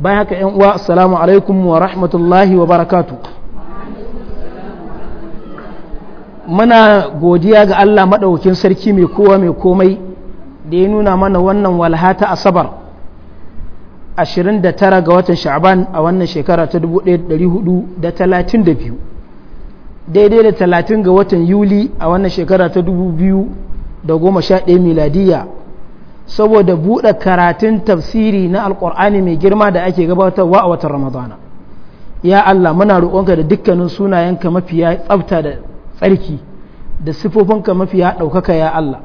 bayan haka yan uwa assalamu alaikum wa rahmatullahi wa barakatu muna godiya ga Allah maɗaukin sarki mai kowa mai komai da ya nuna mana wannan walhata asabar 29 ga watan sha'ban a wannan shekara ta 1432 daidai da 30 ga watan yuli a wannan shekara ta 2011 miladiyya saboda buɗe karatun tafsiri na alƙur'ani mai girma da ake gabatarwa a watan ramadana ya Allah muna roƙonka da dukkanin sunayenka mafiya tsafta da tsarki da sifofinka mafiya ɗaukaka ya Allah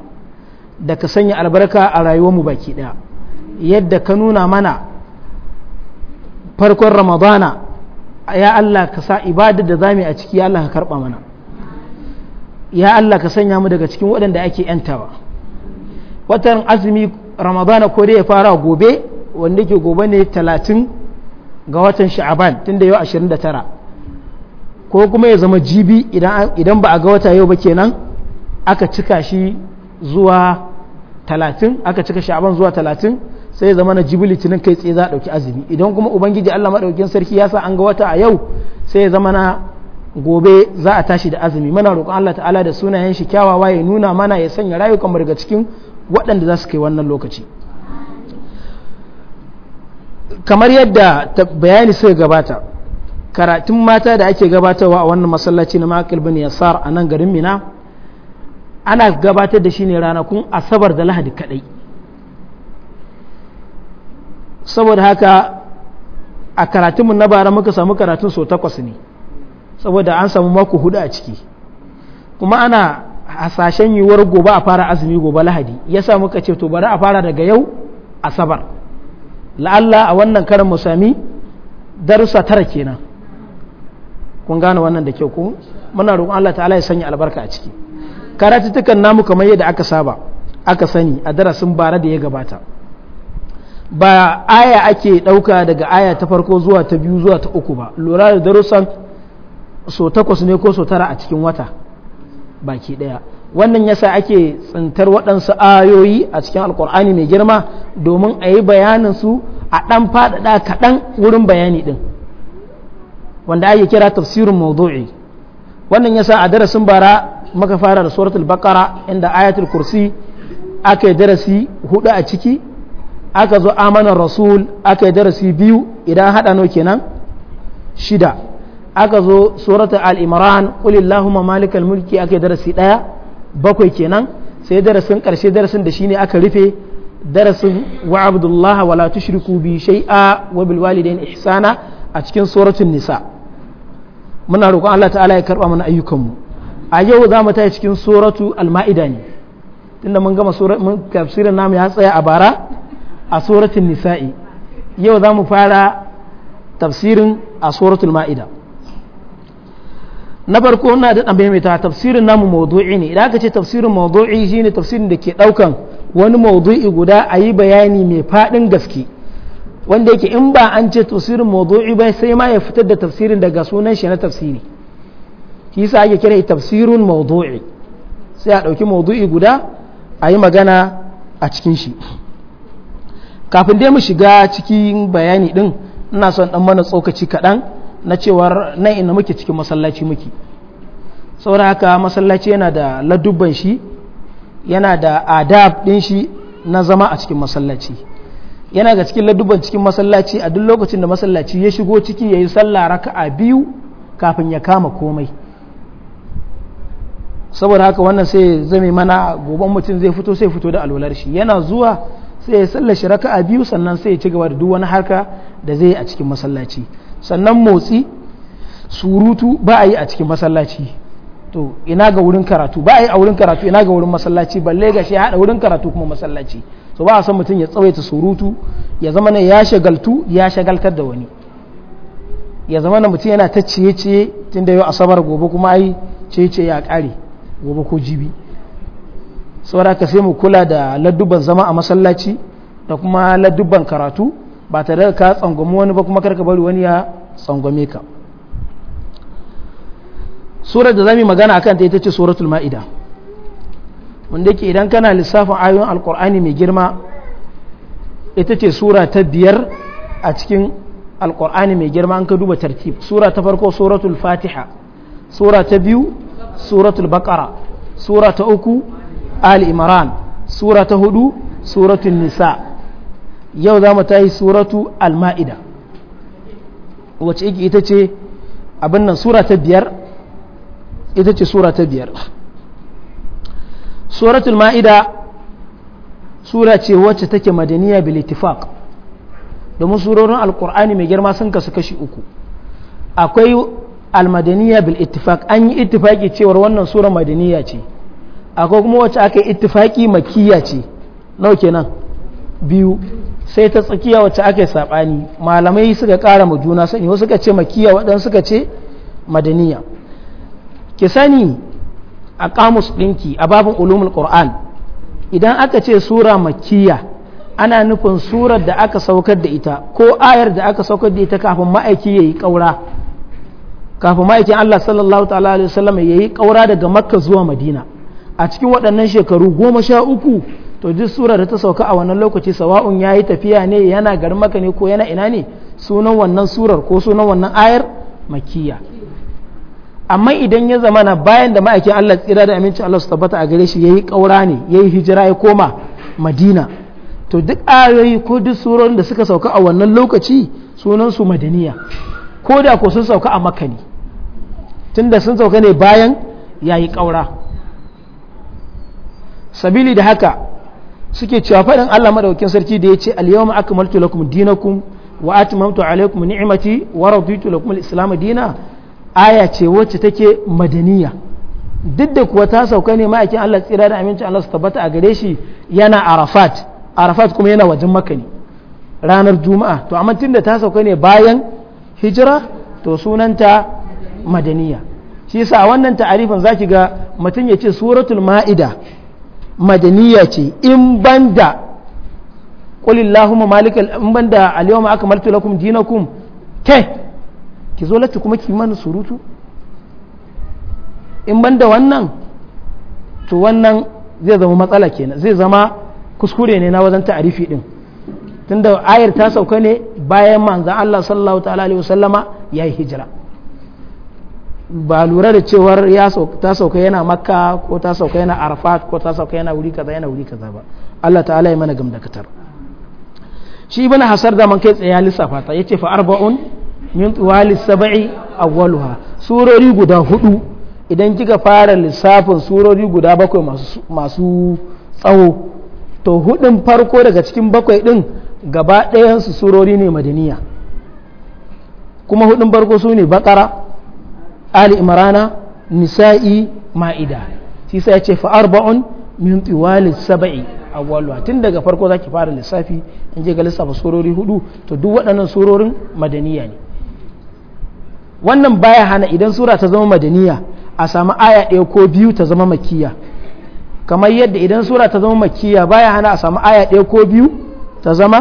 da ka sanya albarka a rayuwarmu baki ɗaya yadda ka nuna mana farkon ramadana ya Allah ka sa ibadar da zami a ciki ya Allah ka karɓa mana ya Allah ka sanya mu daga cikin waɗanda ake 'yantawa watan azumi ramadana ko dai ya fara gobe wanda ke gobe ne talatin ga watan sha'aban tun da yau ashirin tara ko kuma ya zama jibi idan ba a ga wata yau ba kenan aka cika shi zuwa 30 aka cika sha'aban zuwa talatin sai ya zama na jibi litinin kai tsaye za a ɗauki azumi idan kuma ubangiji allah maɗaukin sarki ya sa an ga wata a yau sai ya zama na gobe za a tashi da azumi mana roƙon allah ta'ala da sunayen shi kyawawa ya nuna mana ya sanya rayukan daga cikin waɗanda za su kai wannan lokaci kamar yadda bayani suka gabata karatun mata da ake gabatarwa a wannan masallaci na makil bin yasar a nan garin mina ana gabatar da shi ne ranakun asabar da lahadi kadai saboda haka a karatunmu na bara muka samu karatun so takwas ne saboda an samu mako hudu a ciki kuma ana hasashen yiwuwar gobe a fara azumi gobe lahadi ya sa muka ce to bari a fara daga yau asabar la'alla a wannan karin mu sami darussa tara kenan kun gane wannan da kyau ko muna roƙon Allah ta'ala ya sanya albarka a ciki karatuttukan namu kamar yadda aka saba aka sani a darasin bara da ya gabata ba aya ake ɗauka daga aya ta farko zuwa ta biyu zuwa ta uku ba lura da darussan so takwas ne ko so tara a cikin wata baki ɗaya wannan yasa ake tsintar waɗansu ayoyi a cikin alkur'ani mai girma domin a yi bayanin su a ɗan faɗaɗa kaɗan wurin bayani ɗin wanda ake kira tafsirin mawdu'i wannan yasa a darasin bara muka fara da suratul baqara inda ayatul kursi aka darasi hudu a ciki aka zo amanar rasul aka darasi biyu idan haɗa no kenan shida aka zo surata al-imran qul illahumma malikal mulki aka darasi daya bakwai kenan sai darasin karshe darasin da shine aka rufe darasin wa abdullahi wa la tushriku bi shay'a wa bil ihsana a cikin suratul nisa muna roƙon Allah ta'ala ya karba mana ayyukanmu a yau za mu tafi cikin suratu al-ma'ida ne tunda mun gama mun tafsirin namu ya tsaya a bara a suratul nisa'i yau za mu fara tafsirin a suratul ma'ida na farko ina da ɗan tafsirin namu mawdu'i ne idan aka ce tafsirin mawdu'i shine tafsirin da ke ɗaukan wani mawdu'i guda a yi bayani mai faɗin gaske wanda yake in ba an ce tafsirin mawdu'i ba sai ma ya fitar da tafsirin daga sunan shi na tafsiri shi yasa ake kira tafsirun mawdu'i sai a ɗauki mawdu'i guda a yi magana a cikin shi kafin dai mu shiga cikin bayani ɗin ina son ɗan mana tsokaci kaɗan na cewar nan ina muke cikin masallaci muke saboda haka masallaci yana da ladubban shi yana da adab ɗin shi na zama a cikin masallaci yana ga cikin ladubban cikin masallaci a duk lokacin da masallaci ya shigo ciki ya yi sallah a biyu kafin ya kama komai saboda haka wannan sai zame mana goban mutum zai fito sai fito da alwalar shi yana zuwa sai ya sallar shi a biyu sannan sai ya ci gaba da duk wani harka da zai a cikin masallaci sannan motsi surutu ba a yi a cikin masallaci to ina ga wurin karatu ba a yi a wurin karatu ina ga wurin masallaci balle ga shi ya haɗa wurin karatu kuma masallaci so ba a san mutum ya tsawaita surutu ya zama na ya shagaltu ya shagaltar da wani ya zama na mutum yana ta ciye-ciye tun da yau asabar gobe kuma ai ciye-ciye ya ƙare gobe ko jibi saboda ka sai mu kula da ladduban zama a masallaci da kuma ladduban karatu ba tare da ka tsangwami wani ba kuma karka bari wani ya tsangwame ka surar da zamu yi magana akan ta ita ce suratul ma'ida wanda ke idan kana lissafin ayoyin alkur'ani mai girma ita ce sura ta biyar a cikin alkur'ani mai girma an ka duba tartib sura ta farko suratul fatiha sura ta biyu suratul baqara sura ta uku al imran sura ta hudu suratul nisa yau za mu ta yi suratu al-ma'ida wacce ita ce abin nan surata biyar ita ce surata biyar suratul ma'ida sura ce wacce take madaniya bil ittifaq domin surorin alkur'ani mai girma sun kasu kashi uku akwai almadaniya bil ittifaq an yi ittifaki cewar wannan sura madaniya ce akwai kuma wacce aka yi ittifaki makiya ce nau kenan biyu sai ta tsakiya wacce aka yi saɓani malamai suka ƙara ma juna sani wasu suka ce makiya waɗansu suka ce madaniya ki sani a kamus ɗinki a babin ulumul ƙoran idan aka ce sura makiya ana nufin surar da aka saukar da ita ko ayar da aka saukar da ita kafin ma'aiki yi ƙaura kafin ma'aikin Allah sallallahu ta'ala alaihi wasallam yayi ƙaura daga makka zuwa madina a cikin waɗannan shekaru goma sha uku to duk surar da ta sauka a wannan lokaci sawa'un yayi tafiya ne yana garin maka ne ko yana ina ne sunan wannan surar ko sunan wannan ayar makiya amma idan ya zama zamana bayan da ma'aikin Allah tsira da aminci Allah su tabbata a gare shi yayi kaura ne yayi hijira ya koma Madina to duk ayoyi ko duk surorin da suka sauka a wannan lokaci sunan su madaniya ko da ko sun sauka a makka ne tunda sun sauka ne bayan yayi kaura sabili da haka suke cewa faɗin Allah madaukakin sarki da ya ce al-yawma akmaltu lakum dinakum wa atmamtu alaykum ni'mati wa raditu lakum al-islam dina aya ce wacce take madaniya duk da kuwa ta sauka ne ma'aikin Allah tsira da amincin Allah su tabbata a gare shi yana Arafat Arafat kuma yana wajen Makka ne ranar Juma'a to amma tunda ta sauka ne bayan hijira to sunanta madaniya shi yasa wannan ta'arifin zaki ga mutum ya ce suratul ma'ida madaniya ce in banda qul allahumma malik in banda ma aka martu lakum dinakum ke ki zo latti kuma ki mana surutu in banda wannan to wannan zai zama matsala kenan zai zama kuskure ne na wajen ta'arifi din tunda ayar ta sauka ne bayan manzan Allah sallallahu ta'ala alaihi wasallama yayi hijira ba lura da cewar ya ta sauka yana makka ko ta sauka yana arafat ko ta sauka yana wuri kaza yana wuri kaza ba Allah ta'ala ya mana gamdakatar shi ibn hasar da man kai tsaye ya lissafa ta yace fa arba'un min tuwalis sab'i awwaluha surori guda hudu idan kika fara lissafin surori guda bakwai masu masu tsawo to hudun farko daga cikin bakwai din gaba ɗayan su surori ne madaniya kuma hudun farko su ne bakara ali imrana nisa'i ma'ida shi sai ya ce fa arba'un min tiwali sab'i awwaluha tun daga farko zaki fara lissafi in je ga lissafa surori hudu to duk waɗannan surorin madaniya ne wannan baya hana idan sura ta zama madaniya a samu aya ɗaya ko biyu ta zama makiya kamar yadda idan sura ta zama makiya baya hana a samu aya ɗaya ko biyu ta zama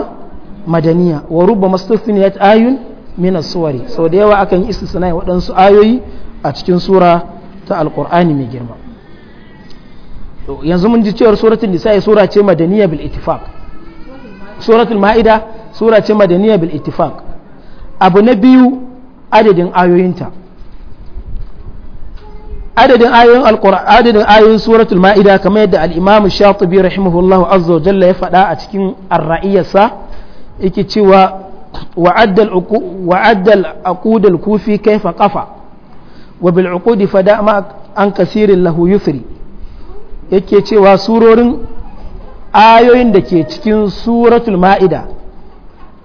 madaniya wa rubba mastasniyat ayun min suwari sau da yawa akan yi istisna waɗansu ayoyi a cikin sura ta alqur'ani mai girma yanzu mun ji cewar suratul nisa'i sura ce madaniya bil ittifaq suratul ma'ida sura ce madaniya bil ittifaq abu na biyu adadin ayoyinta adadin ayoyin alqur'ani adadin ayoyin suratul ma'ida kamar yadda al-imam shatibi rahimahullahu azza wa jalla ya faɗa a cikin ar raiyasa yake cewa وعد العقود الكوفي كيف قفا وبالعقود فداء ما عن كثير له يثري yake cewa surorin ayoyin da ke cikin suratul ma'ida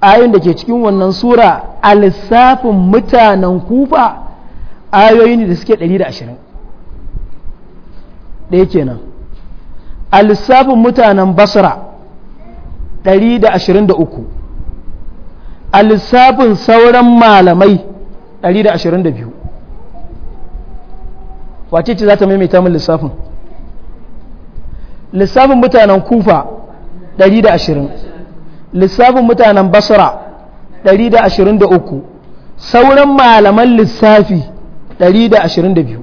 ayoyin da ke cikin wannan sura a lissafin mutanen kufa ayoyin da suke 120 ɗaya kenan a lissafin mutanen basra 123 a lissafin sauran malamai 122 wace ce za ta maimaita min lissafin lissafin mutanen kufa 120 lissafin mutanen basra 123 sauran malaman lissafi 122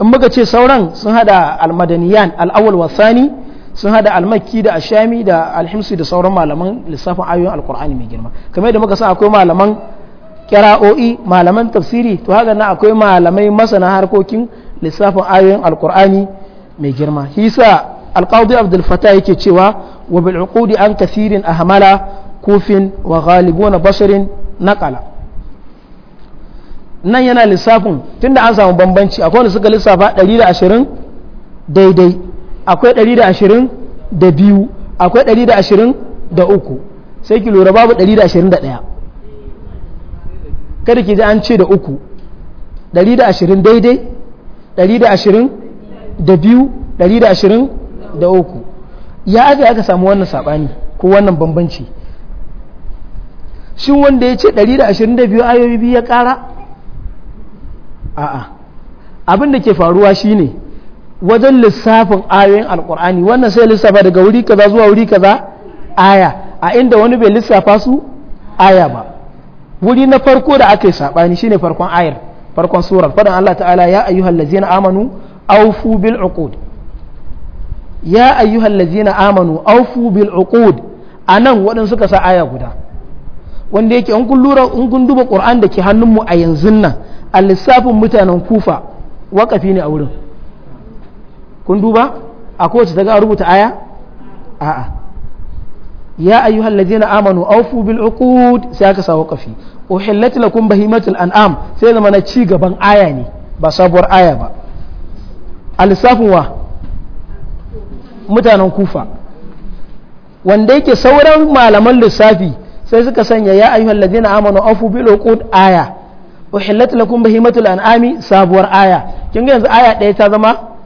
in muka ce sauran sun hada almadaniyan al'awal wasani sun hada almakki da ashami da alhimsi da sauran malaman lissafin ayoyin alkur'ani mai girma kamar da muka san akwai malaman kira'o'i malaman tafsiri to haka nan akwai malamai masana harkokin lissafin ayoyin alkur'ani mai girma hisa alqadi abdul fatah yake cewa wa bil uqudi an kathirin ahmala kufin wa ghalibuna basharin naqala nan yana lissafin tunda an samu bambanci akwai wanda suka lissafa 120 daidai akwai 122 akwai 123 sai ki lura babu 121 kada ki ji an ce da uku 120 daidai 120 da biyu ɗari da uku ya aka aka samu wannan sabani ko wannan bambanci shin wanda ya ce 122 ayoyi biyu ya kara a'a abin da ke faruwa shine wajen lissafin ayoyin alkur'ani wannan sai lissafa daga wuri kaza zuwa wuri kaza aya a inda wani bai lissafa su aya ba wuri na farko da aka yi sabani shine farkon ayar farkon surar fadan Allah ta'ala ya ayyuhal ladzina amanu awfu bil uqud ya ayyuhal ladzina amanu awfu bil uqud anan wadan suka sa aya guda wanda yake in kun lura in duba qur'an da ke mu a yanzun nan a lissafin mutanen kufa wakafi ne a wurin kun duba a kowace ta ga rubuta aya a'a ya ayyuhal ladina amanu awfu bil uqud sai aka sawo kafi uhillat lakum bahimatul an'am sai zama na ci gaban aya ne ba sabuwar aya ba alisafin wa mutanen kufa wanda yake sauran malaman lissafi sai suka sanya ya ayyuhal ladina amanu awfu bil uqud aya uhillat lakum bahimatul an'ami sabuwar aya kin ga yanzu aya ɗaya ta zama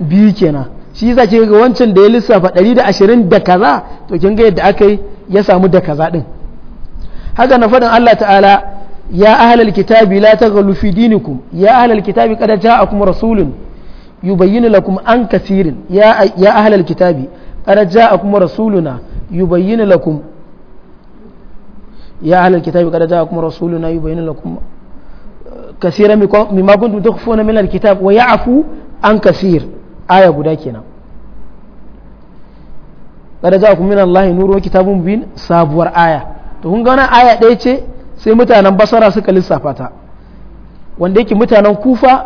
biyu kenan shi yasa ke ga wancan da ya lissafa 120 da kaza to kin ga yadda akai ya samu da kaza din haka na faɗin Allah ta'ala ya ahlal kitabi la taghlu fi dinikum ya ahlal kitabi qad ja'akum rasulun yubayyinu lakum an kasirin ya ya ahlal kitabi qad ja'akum rasuluna yubayyinu lakum ya ahlal kitabi qad ja'akum rasuluna yubayyinu lakum كثيرا مما كنتم تخفون من الكتاب ويعفو عن كثير aya guda kenan kada za ku kuma Allah nuru kitabun bin sabuwar aya to kun ga wannan aya ɗaya ce sai mutanen basara suka lissafa ta wanda yake mutanen kufa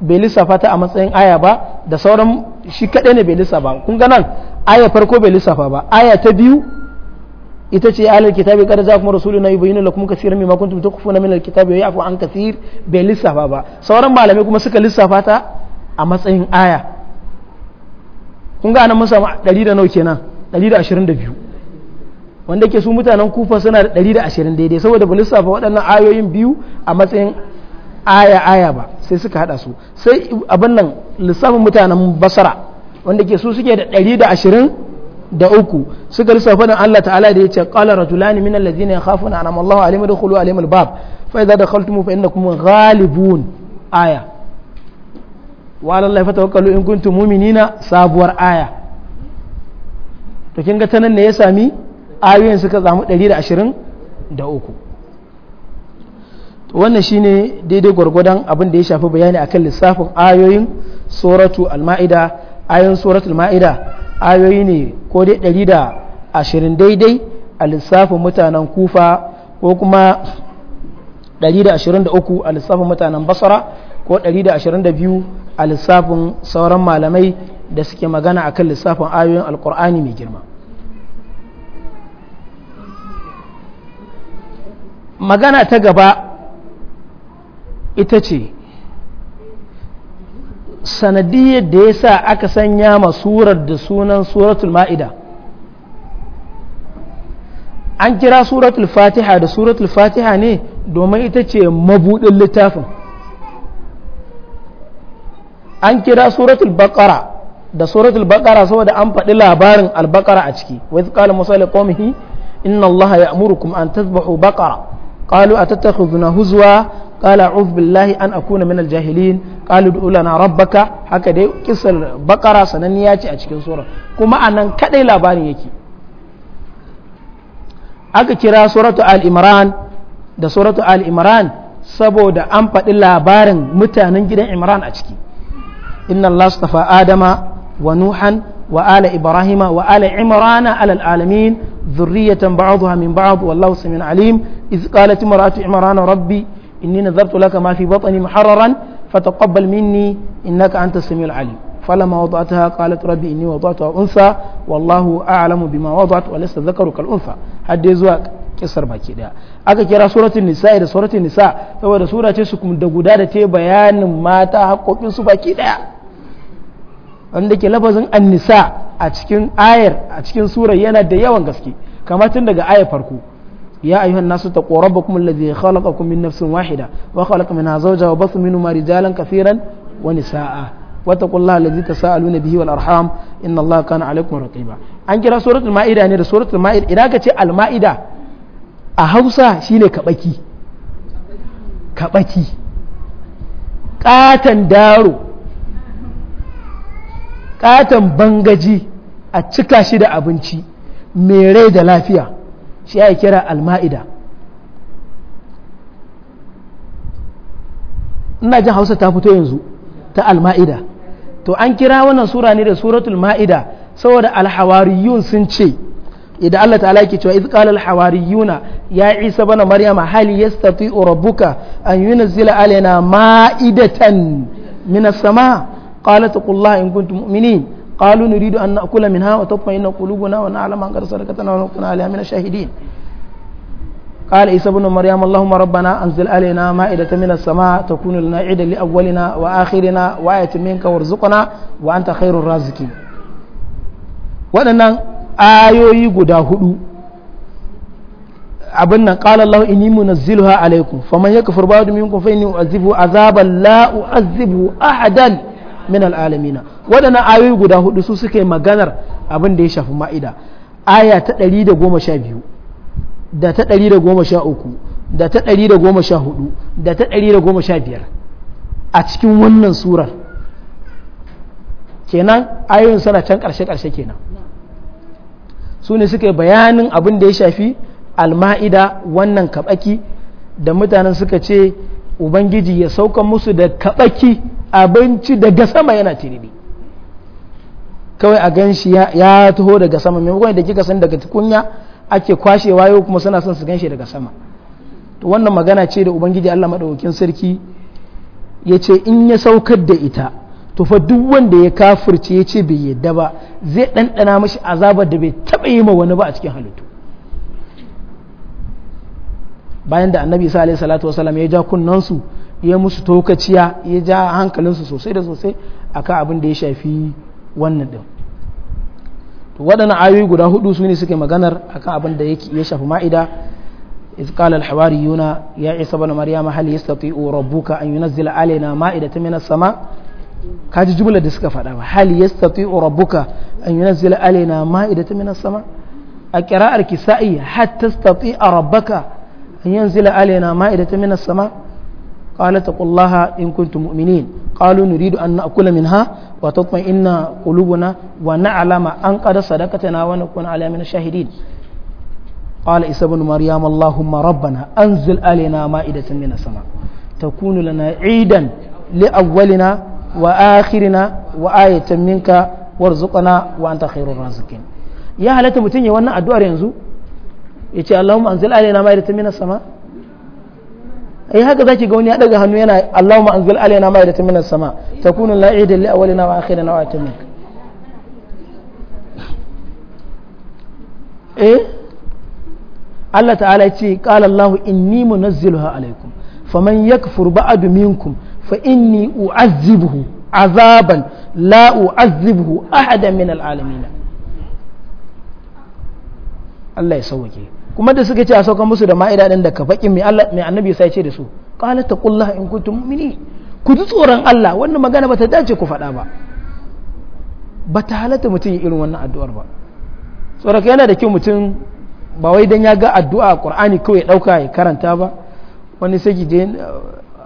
bai lissafa ta a matsayin aya ba da sauran shi kaɗai ne bai lissafa kun ga nan aya farko bai lissafa ba aya ta biyu ita ce ahlul kitabi kada za kuma rasuluna yubayyinu lakum kaseeran mimma kuntum kufuna min alkitabi wa yafu an kasir bai lissafa ba sauran malamai kuma suka lissafa ta a matsayin aya kun ga anan mun samu 100 da nawa kenan 122 wanda ke su mutanen kufa suna da 120 daidai saboda ba lissafa waɗannan ayoyin biyu a matsayin aya aya ba sai suka hada su sai abin nan lissafin mutanen basara wanda ke su suke da 120 da uku suka lissafa dan Allah ta'ala da yace qala rajulani min alladhina yakhafuna anama Allahu alaihim dukhulu alaihim albab fa idza dakhaltum fa innakum ghalibun aya wa lallahi fatawakkalu in kuntum mu'minina sabuwar aya to kin ga tanan ne ya sami ayoyin suka samu 123 wannan shine daidai gwargwadon abin da ya shafi bayani akan lissafin ayoyin suratu al-ma'ida ayoyin suratu al-ma'ida ayoyi ne ko dai 120 daidai a lissafin mutanen kufa ko kuma 123 a lissafin mutanen basara ko 122 a lissafin sauran malamai da suke magana a kan lissafin ayoyin alkur'ani mai girma magana ta gaba ita ce sanadiyar da ya sa aka sanya ma masurar da sunan suratul ma'ida an kira suratul fatiha da suratul fatiha ne domin ita ce mabuɗin littafin an kira suratul baqara da suratul baqara saboda an faɗi labarin albaqara a ciki wa idh qala musa liqaumihi inna allaha ya'murukum an tadhbahu baqara qalu atattakhidhuna huzwa qala a'udhu billahi an akuna minal jahilin qalu ud'u lana rabbaka haka dai kisar baqara sananniya ce a cikin sura kuma anan kadai labarin yake aka kira suratu al-imran da suratu al-imran saboda an faɗi labarin mutanen gidan imran a ciki inna Allah astafa Adama wa Nuhan wa ala ibrahima wa ala imrana ala alamin dhurriyatan ba'daha min ba'd wallahu samiyun alim iz qalat imra'atu Imran rabbi inni nadhartu laka ma fi batni muharraran fataqabbal minni innaka antas samiul alim فلما وضعتها قالت ربي إني وضعتها أنثى والله أعلم بما وضعت وليس الذكر كالأنثى هدي زواج kisar baki daya aka kira suratul nisa da suratul nisa saboda sura ce su kuma da guda da ta bayanin mata haƙoƙin su baki daya wanda ke lafazin annisa a cikin ayar a cikin surar yana da yawan gaske kamar tun daga ayar farko ya ayyuhan nasu taqu rabbakum alladhi khalaqakum min nafsin wahida wa khalaqa minha zawjaha wa batha minhuma rijalan kathiran wa nisaa wattaqullaha alladhi tasaaluna bihi wal arham inna allaha kana alaykum raqiba an kira suratul maida ne da suratul maida idan ka ce al maida a Hausa shine kabaki kabaki katan daro katon bangaji a cika shi da abinci mai rai da lafiya shi ya kira alma'ida ina jin hausa ta fito yanzu ta alma'ida to an kira wannan sura ne da suratul ma'ida saboda alhawariyun sun ce idan Allah ta'ala ke cewa iz qala alhawariyuna ya isa bana maryama hal yastati rabbuka an yunzila alaina ma'idatan minas sama' قالت قل الله إن كنتم مؤمنين قالوا نريد أن نأكل منها وتطمئن قلوبنا ونعلم أن قد صدقتنا ونكون عليها من الشاهدين قال عيسى ابن مريم اللهم ربنا أنزل علينا مائدة من السماء تكون لنا عيدا لأولنا وآخرنا وآية منك وارزقنا وأنت خير الرازقين waɗannan ayoyi guda hudu abin nan qala Allah inni munazziluha alaikum faman yakfur ba'd minkum fa inni u'azzibu azaban la u'azzibu ahadan minal alamina waɗannan ayoyi guda hudu su suka yi maganar abin da ya shafi ma'ida aya ta 112 da ta 113 da ta 114 da ta 115 a cikin wannan surar kenan ayoyin suna can ƙarshe-ƙarshe kenan su ne suka yi bayanin abin da ya shafi alma'ida wannan kaɓaki da mutanen suka ce ubangiji ya sauka musu da kaɓaki abinci daga sama yana tiriri kawai a gan shi ya taho daga sama maimakon da kika san daga tukunya ake kwashewa yau kuma suna son su gan shi daga sama to wannan magana ce da ubangiji Allah madaukakin sarki ya ce in ya saukar da ita to fa duk wanda ya kafirce ya ce bai yadda ba zai ɗanɗana mashi azabar da bai taɓa yi ma wani ba a cikin halittu bayan da annabi sa alaihi salatu wasallam ya ja kunnansu ya musu tokaciya ya ja hankalinsu sosai da sosai a kan abin da ya shafi wannan ɗin waɗannan ayoyi guda hudu su ne suke maganar a kan abin da ya shafi ma'ida izkal alhawari yuna ya isa bana mariya mahali ya sati o rabuka an yuna zila alina ma'ida ta mina sama kaji ji jumla da suka faɗa ba hali ya sati o rabuka an yuna zila alina ma'ida ta mina sama a kira'ar kisa'i hatta sati a rabaka an yuna zila alina ma'ida ta mina sama قال اتقوا الله إن كنتم مؤمنين قالوا نريد أن نأكل منها وتطمئن قلوبنا ونعلم أن قد صدقتنا ونكون على من الشاهدين قال عيسى بن مريم اللهم ربنا أنزل علينا مائدة من السماء تكون لنا عيدا لأولنا وآخرنا وآية منك وارزقنا وأنت خير الرازقين يا هل تمتني وأنا أدوار ينزو يتي اللهم أنزل علينا مائدة من السماء ai eh, haka zaki ga wani ya daga hannu yana Allahumma anzil alaina ma'idatan minas sama takunu la'idan li awwalina wa akhirina wa atamina eh Allah ta'ala ce qala Allah inni munazziluha alaikum faman yakfur ba'du minkum fa inni u'azzibuhu azaban la u'azzibuhu ahadan min al'alamin Allah ya sauke kuma da suka ce a sauka musu da ma'ida ɗin da ka mai Allah mai annabi sai ce da su ta ƙulla in kuntum mini ku ji tsoron Allah wannan magana bata dace ku faɗa ba ba ta halatta mutum ya irin wannan addu'ar ba tsoraka yana da kyau mutum ba wai dan ya ga addu'a a ƙur'ani kawai ya dauka ya karanta ba wani sai je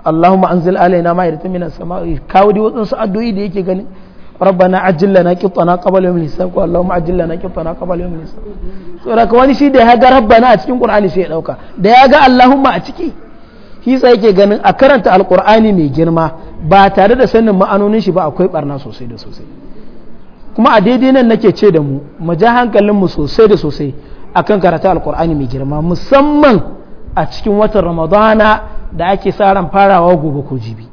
Allahumma anzil alaina ma'idatan minas sama'i kawo dai wasu addu'o'i da yake ganin ربنا عجل لنا قطنا قبل يوم الحساب اللهم عجل لنا قطنا قبل يوم الحساب hisab da wani shi da ya ga a cikin qur'ani sai ya dauka da ya ga allahumma a ciki shi sai yake ganin a karanta alqur'ani mai girma ba tare da sanin ma'anonin shi ba akwai barna sosai da sosai kuma a daidai nan nake ce da mu mu ja mu sosai da sosai akan karatu alqur'ani mai girma musamman a cikin watan ramadana da ake sa ran farawa gobe ko jibi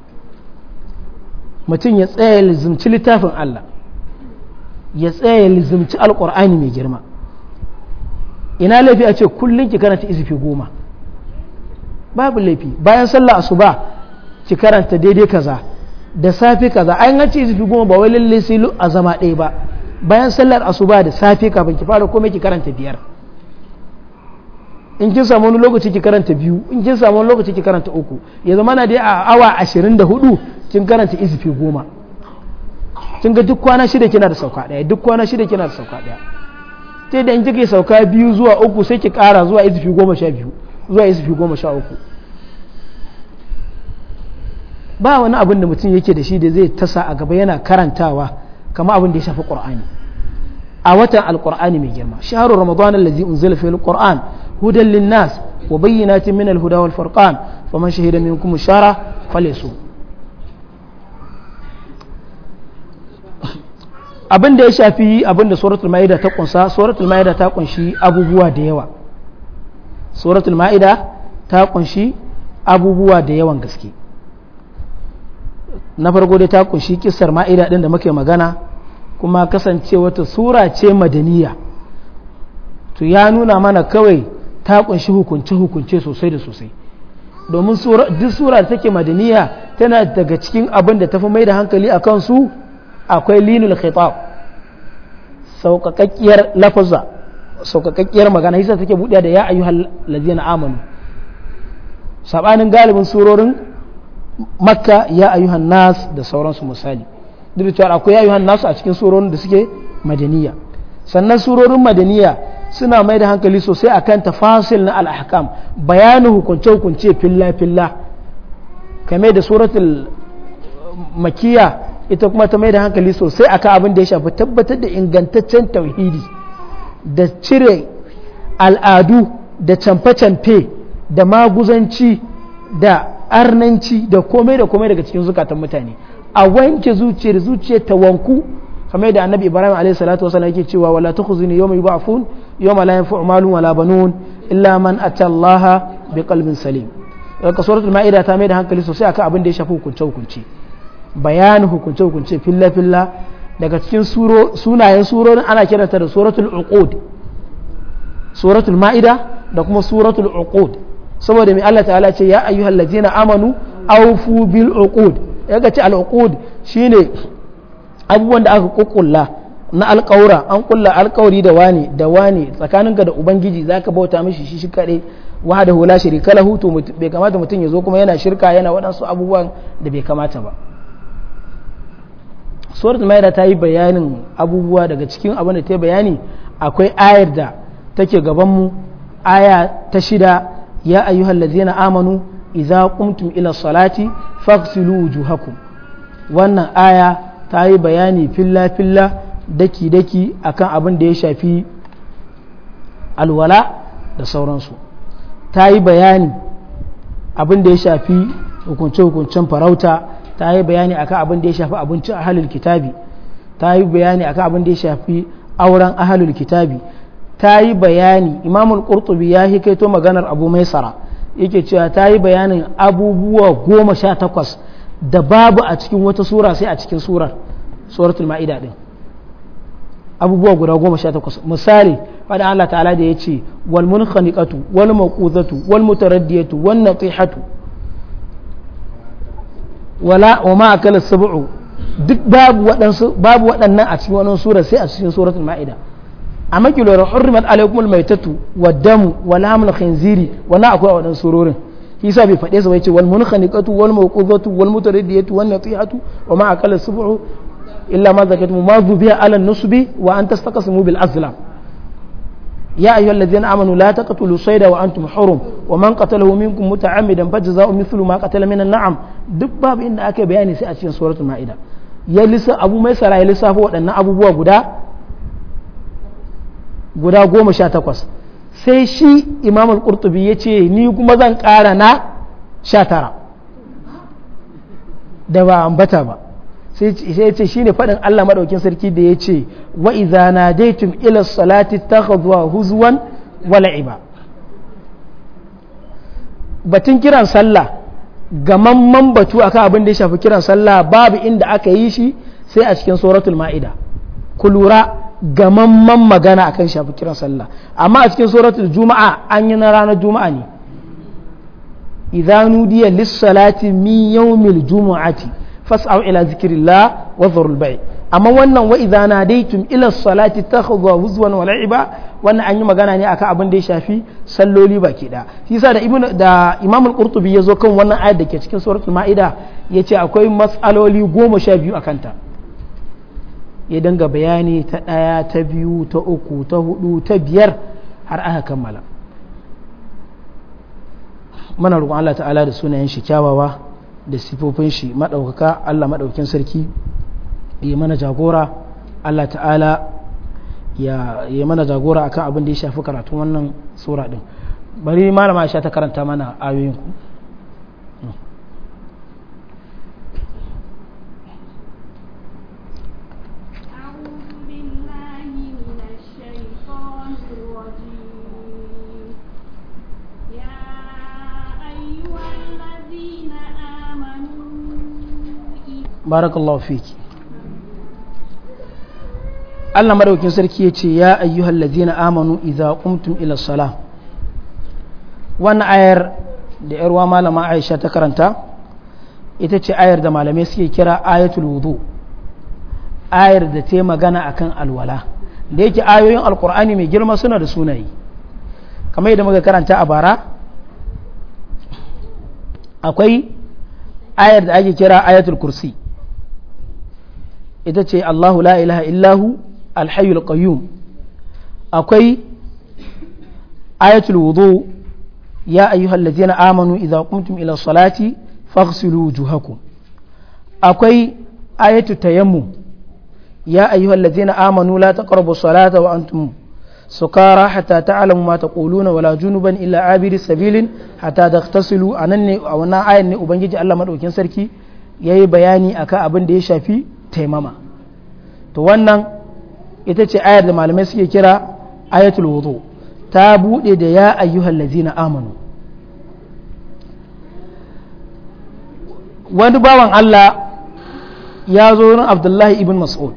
mutum ya tsaya lizimci littafin Allah ya tsaya lizimci alƙur'ani mai girma ina laifi a ce kullum ki karanta izufi goma babu laifi bayan sallah asuba ki karanta daidai kaza da safe kaza an ganci izufi goma ba wai lalle sai a zama ɗaya ba bayan sallar asuba da safe kafin ki fara komai ki karanta biyar in kin samu wani lokaci ki karanta biyu in kin samu wani lokaci ki karanta uku ya zama na dai a awa ashirin da hudu kin karanta izifi goma kin ga duk kwana shida kina da sauka daya duk kwana shida kina da sauka daya sai da in kike sauka biyu zuwa uku sai ki kara zuwa izifi goma sha biyu zuwa izifi goma sha uku ba wani abin da mutum yake da shi da zai tasa a gaba yana karantawa kama abin da ya shafi qur'ani a watan alqur'ani mai girma shahrul ramadan allazi unzila fil qur'an hudan lin nas wa bayyinatin min al-huda wal furqan faman shahida minkum shara falyasum abin da ya shafi abin da suratul ma'ida ta kunsa suratul ma'ida ta kunshi abubuwa da yawa suratul ma'ida ta kunshi abubuwa da yawan gaske na farko dai ta kunshi kisar ma'ida din da muke magana kuma kasance wata sura ce madaniya to ya nuna mana kawai ta kunshi hukunce-hukunce sosai da sosai domin duk sura da take madaniya tana daga cikin abin da tafi mai da hankali a kansu akwai linul khitab sauƙaƙaƙiyar lafuzza sauƙaƙaƙiyar magana hisa take buɗe da ya ayyuhal ladina amanu sabanin galibin surorin makka ya ayyuhan nas da sauransu misali duk da cewa akwai ya ayyuhan nas a cikin surorin da suke madaniya sannan surorin madaniya suna mai da hankali sosai akan tafasil na al-ahkam bayanin hukunce hukunce filla filla kame da suratul makiya ita kuma ta mai da hankali sosai akan abin da ya shafi tabbatar da ingantaccen tauhidi da cire al'adu da canfe-canfe da maguzanci da arnanci da komai da komai daga cikin zukatan mutane a wanke zuciyar zuciyar ta wanku kamar da annabi ibrahim alaihi salatu wasallam yake cewa wala ne yawma yub'athun yawma la yanfa'u malun wala banun illa man atallaha kalbin salim daga suratul ma'ida ta mai da hankali sosai akan abin da ya shafi hukunce hukunce bayanin hukunce-hukunce filla-filla daga cikin sunayen surorin ana kiranta da suratul uqud suratul ma'ida da kuma suratul uqud saboda mai Allah ta'ala ce ya ayyuhal na amanu awfu bil uqud yaga ce al uqud shine abubuwan da aka kukkulla na alƙaura an kulla alƙauri da wani da wani tsakaninka da ubangiji zaka bauta mishi shi shi kaɗai wahada hula shirika lahu to bai kamata mutum ya zo kuma yana shirka yana waɗansu abubuwan da bai kamata ba surat maida ta yi bayanin abubuwa daga cikin abin da ta bayani akwai ayar da take gabanmu aya ta shida ya ayyuhal ladzina amanu iza qumtum ila salati faghsilu wujuhakum wannan aya ta yi bayani filla filla daki daki akan abin da ya shafi alwala da sauransu ta yi bayani abin da ya shafi hukunce hukuncen farauta ta yi bayani akan abin da ya shafi abincin ahalul kitabi ta yi bayani akan abin da ya shafi auren ahalul kitabi ta yi bayani imamul qurtubi ya hikaito maganar abu maisara yake cewa ta yi bayanin abubuwa goma sha takwas da babu a cikin wata sura sai a cikin surar suratul ma'ida din abubuwa guda goma sha takwas misali faɗin Allah ta'ala da ya ce wal munkhaniqatu wal maqudatu wal mutaraddiyatu wan natihatu wala wa akala duk babu waɗannan a cikin wani sura sai a cikin suratul ma'ida amma ki lura hurrimat alaykum almaytatu wad-damu wa lahmul khinziri wannan akwai a waɗansu surorin yasa bai faɗe su bai ce wal munkhaniqatu wal mawqudatu wal mutaraddiyatu wan natihatu wa ma akala sab'u illa ma zakatum ma dhubiya ala nusbi wa an tastaqsimu bil azlam يا أيها الذين آمنوا لا تقتلوا الصيد وأنتم حرم ومن قتله منكم متعمدا فجزاء مثل ما قتل من النعم duk babu inda aka bayani sai a cikin suratul ma'ida ya lissa abu mai sara ya lissafo waɗannan abubuwa guda goma sha takwas sai shi imam al ya ce ni kuma zan kara na sha tara da ba ambata ba sai ce shine faɗin Allah maɗaukin sarki da ya ce wa idza nadaytum ila salati takhadhuha huzwan wa la'iba batun kiran sallah gamamman batu akan abin da ya shafi kiran sallah babu inda aka yi shi sai a cikin suratul ma'ida ku lura gamamman magana akan shafi kiran sallah amma a cikin suratul juma'a an yi na ranar juma'a ne idza nudiya lis salati min yawmil jumu'ati fas'au ila zikrillah wa dharul bai amma wannan wa idza nadaitum ila salati takhudhu huzwan wa la'iba wannan an yi magana ne akan abin da ya shafi salloli baki da yasa da ibnu da imamul qurtubi yazo kan wannan ayat dake ke cikin suratul maida yace akwai mas'aloli goma sha biyu akan ta ya danga bayani ta ɗaya ta biyu ta uku ta hudu ta biyar har aka kammala Mana roƙon Allah ta'ala da sunayen shi kyawawa da sifofin shi maɗaukaka Allah maɗaukin sarki ya mana jagora Allah ta'ala ya yi mana jagora akan abin da ya shafi karatun wannan sura din bari malama aisha ta karanta mana ayoyin ku barakallahu fiki Allah madaukin sarki ya ce ya ayyuhal ladzina amanu idza qumtum ila salah wannan ayar da yarwa malama Aisha ta karanta ita ce ayar da malamai suke kira ayatul wudu ayar da ta magana akan alwala da yake ayoyin alkur'ani mai girma suna da sunayi kamar yadda muka karanta a bara akwai ayar da ake kira ayatul kursi ita ce Allahu la ilaha illahu alhayyul qayyum akwai ayatul wudu ya ayyuhal ladzina amanu idza qumtum ila salati faghsilu wujuhakum akwai ayatu tayammum ya ayyuhal ladzina amanu la taqrabu salata wa antum sukara hatta ta'lamu ma taquluna wala junuban illa abiri sabilin hatta taghtasilu anan ne a wannan ayan ne ubangiji Allah madaukin sarki yayi bayani akan abin da ya shafi taimama to wannan ita ce ayar da malamai suke kira ayatul wudu ta buɗe da ya ayyuhal lazina amanu wani bawan Allah ya zo wurin abdullahi ibn mas'ud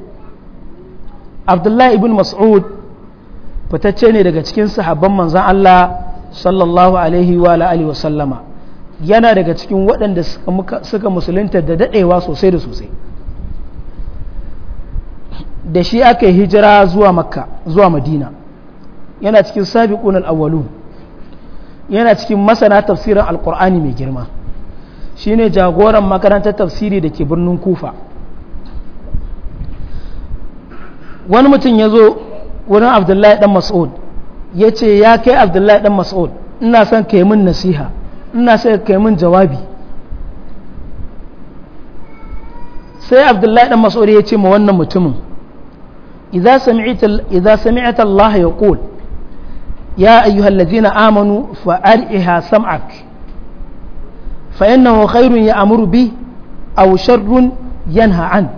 abdullahi ibn mas'ud fitacce ne daga cikin sahabban manzan Allah sallallahu alaihi wa alihi wa sallama yana daga cikin waɗanda suka musulunta da daɗewa sosai da sosai da shi aka yi hijira zuwa makka zuwa madina yana cikin sabiqun al-awwalun yana cikin masana tafsirin alkur'ani mai girma shine jagoran makarantar tafsiri da ke birnin kufa wani mutum ya zo wurin abdullahi dan mas'ud yace ce ya kai abdullahi dan mas'ud ina son kai min nasiha ina son kai min jawabi sai abdullahi dan mas'ud yace ma wannan mutumin إذا سمعت إذا سمعت الله يقول يا أيها الذين آمنوا فأرئها سمعك فإنه خير يأمر به أو شر ينهى عنه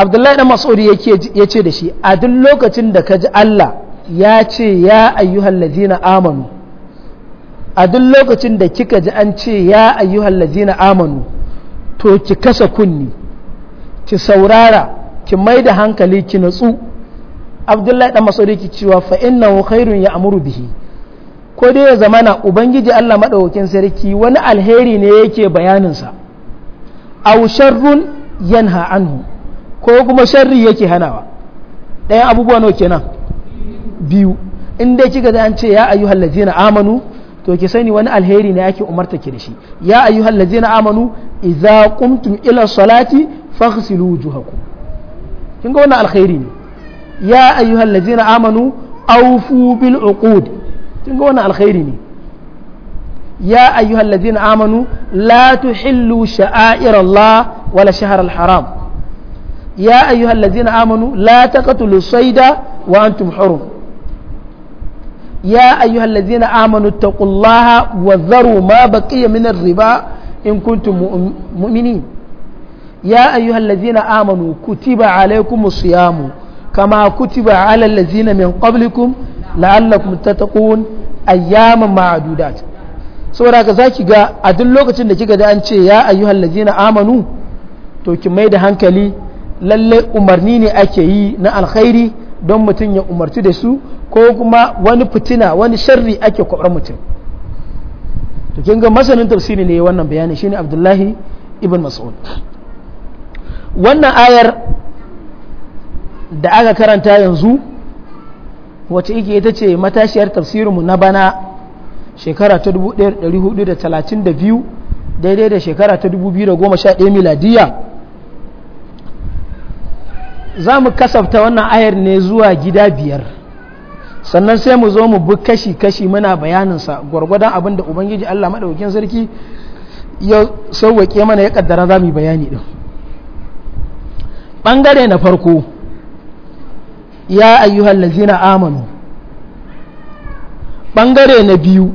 Abdullahi da Mas'udi ya ce da shi a duk lokacin da ka Allah ya ce ya ayyuhal ladzina amanu a duk lokacin da kika ji an ce ya ayyuhal ladzina amanu to ki kasa kunni ki saurara ki mai da hankali ki natsu abdullahi dan masaudi ki cewa fa innahu khairun ya amuru bihi ko dai ya zamana ubangiji Allah madaukakin sarki wani alheri ne yake bayanin sa aw sharrun yanha anhu ko kuma sharri yake hanawa ɗayan abubuwa nawa kenan biyu in dai kika da an ce ya ayyuhal ladzina amanu to ki sani wani alheri ne yake umarta ki da shi ya ayyuhal ladzina amanu idza qumtum ila salati faghsilu wujuhakum kin ga wannan alkhairi ne ya ayyuhal ladzina amanu awfu bil uqud kin ga wannan alkhairi ne ya ayyuhal ladzina amanu la tuhillu sha'air Allah wala shahr al haram ya ayyuhal ladzina amanu la taqtulu sayda wa antum hurum ya ayyuhal ladzina amanu taqullaha wa dharu ma baqiya min ar-riba in kuntum mu'minin ya ayyuhal ladzina amanu kutiba alaikumus siyamu kama kutiba alal ladzina min qablikum la'allakum tattaqun ayyaman ma'adudat saboda za zaki ga a duk lokacin da kika da an ce ya ayyuhal ladzina amanu to ki mai da hankali lalle umarni ne ake yi na alkhairi don mutum ya umarci da su ko kuma wani fitina wani sharri ake kwabar mutum to kin ga masanin tafsiri ne wannan bayani shine Abdullahi ibn Mas'ud wannan ayar da aka karanta yanzu wacce ike ita ce matashiyar tafsirinmu na bana shekara ta 1432 daidai da shekara ta 2011 miladiya za mu kasafta wannan ayar ne zuwa gida biyar sannan sai mu zo mu bi kashi-kashi muna bayaninsa gwargwadon abinda da ubangiji allah maɗaukin sarki ya sauwaƙe mana ya ƙaddara za mu yi bayani ɗin ɓangare na farko ya ayyuhal lazina amanu ɓangare na biyu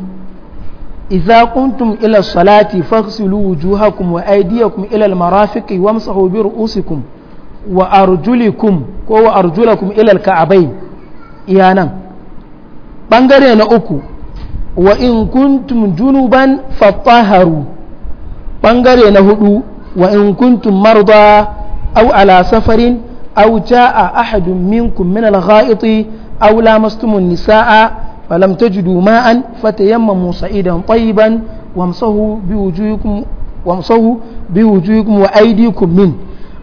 iza kuntum ila salati fasilu wujuhakum wa aydiyakum ila almarafiqi wamsahu bi ru'usikum wa arjulikum ko wa arjulakum ila alka'abain iya nan ɓangare na uku wa in kuntum junuban fattaharu ɓangare na hudu wa in kuntum marda أو على سفر أو جاء أحد منكم من الغائط أو لامستم النساء فلم تجدوا ماء فتيمموا صعيدا طيبا وامسحوا بوجوهكم وامسحوا بوجوهكم وأيديكم منه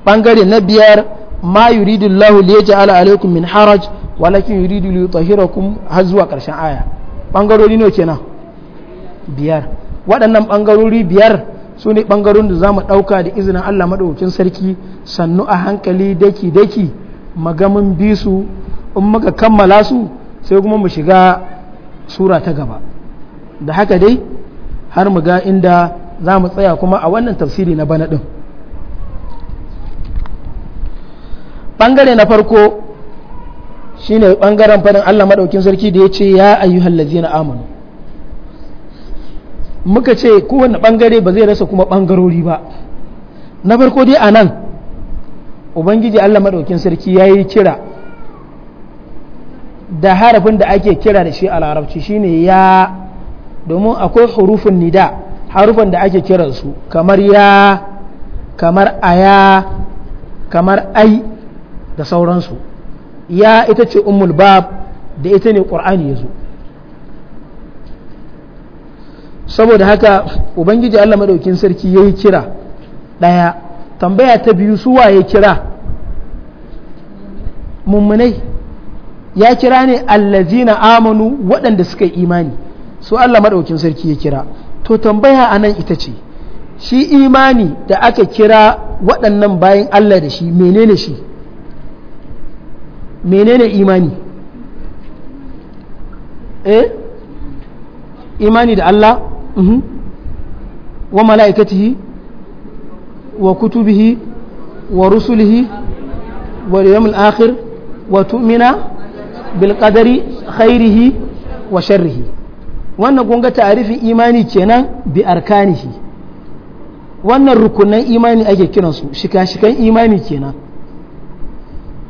بانغاري نبيار ما يريد الله ليجعل عليكم من حرج ولكن يريد ليطهركم هزوا كرشان آية بانغاري نو كنا بيار waɗannan ɓangarori biyar su ne ɓangaron da za mu ɗauka da izinin Allah maɗaukin sarki sannu a hankali daki-daki magamin bi su in muka kammala su sai kuma mu shiga sura ta gaba da haka dai har mu ga inda za mu tsaya kuma a wannan tafsiri na bana ɗin ɓangare na farko shine ɓangaren faɗin Allah maɗaukin sarki da ya ce ya na amanu muka ce kowane bangare ba zai rasa kuma bangarori ba na farko dai a nan ubangiji allah maɗaukin sarki ya yi kira da harafin da ake kira da shi a larabci shine ya domin akwai harufin nida harufan da ake kiransu kamar ya kamar aya kamar ai da sauransu ya ita ce umul bab da ita ne ƙur'ani ya zo saboda haka ubangiji Allah madaukin sarki yayi kira daya tambaya ta biyu su waye kira mummunai ya kira ne allazina amanu waɗanda suka imani su Allah madaukin sarki ya kira to tambaya anan ita ce shi imani da aka kira waɗannan bayan Allah da shi menene shi menene imani eh imani da Allah Mhm. wa mala'ikatihi wa kutubihi wa rusulihi wa yawmil akhir wa tu'mina bil khairihi wa sharrihi wannan kun ga ta'arifin imani kenan bi arkanihi wannan rukunan imani ake kiransu shika-shikan imani kenan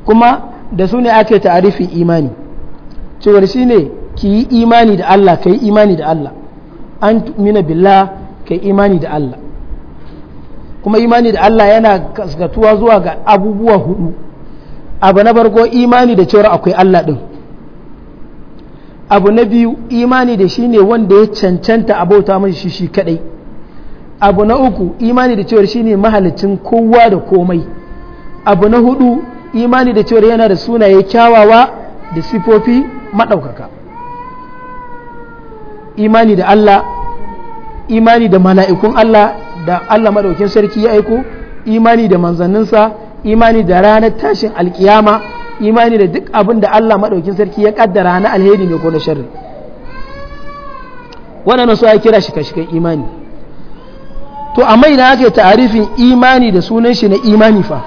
kuma da su ne ake ta'arifin imani cewar shi ne ki yi imani da Allah ka yi imani da Allah an tu'mina billah kai imani da Allah kuma imani da Allah yana kaskatuwa zuwa ga abubuwa hudu abu na farko imani da cewar akwai Allah din abu na biyu imani da shine wanda ya cancanta abota mashi shi shi kadai abu na uku imani da cewar shi ne mahalicin kowa da komai abu na hudu imani da cewar yana da sunaye kyawawa da sifofi maɗaukaka imani da Allah imani da mala'ikun Allah da Allah maɗaukin sarki ya aiko imani da manzanninsa imani da ranar tashin alkiyama imani da duk abin da Allah maɗaukin sarki ya kaddara na alheri ne ko na sharri wannan so ya kira shi kashikan imani to amma idan aka yi ta'arifin imani da sunan shi na imani fa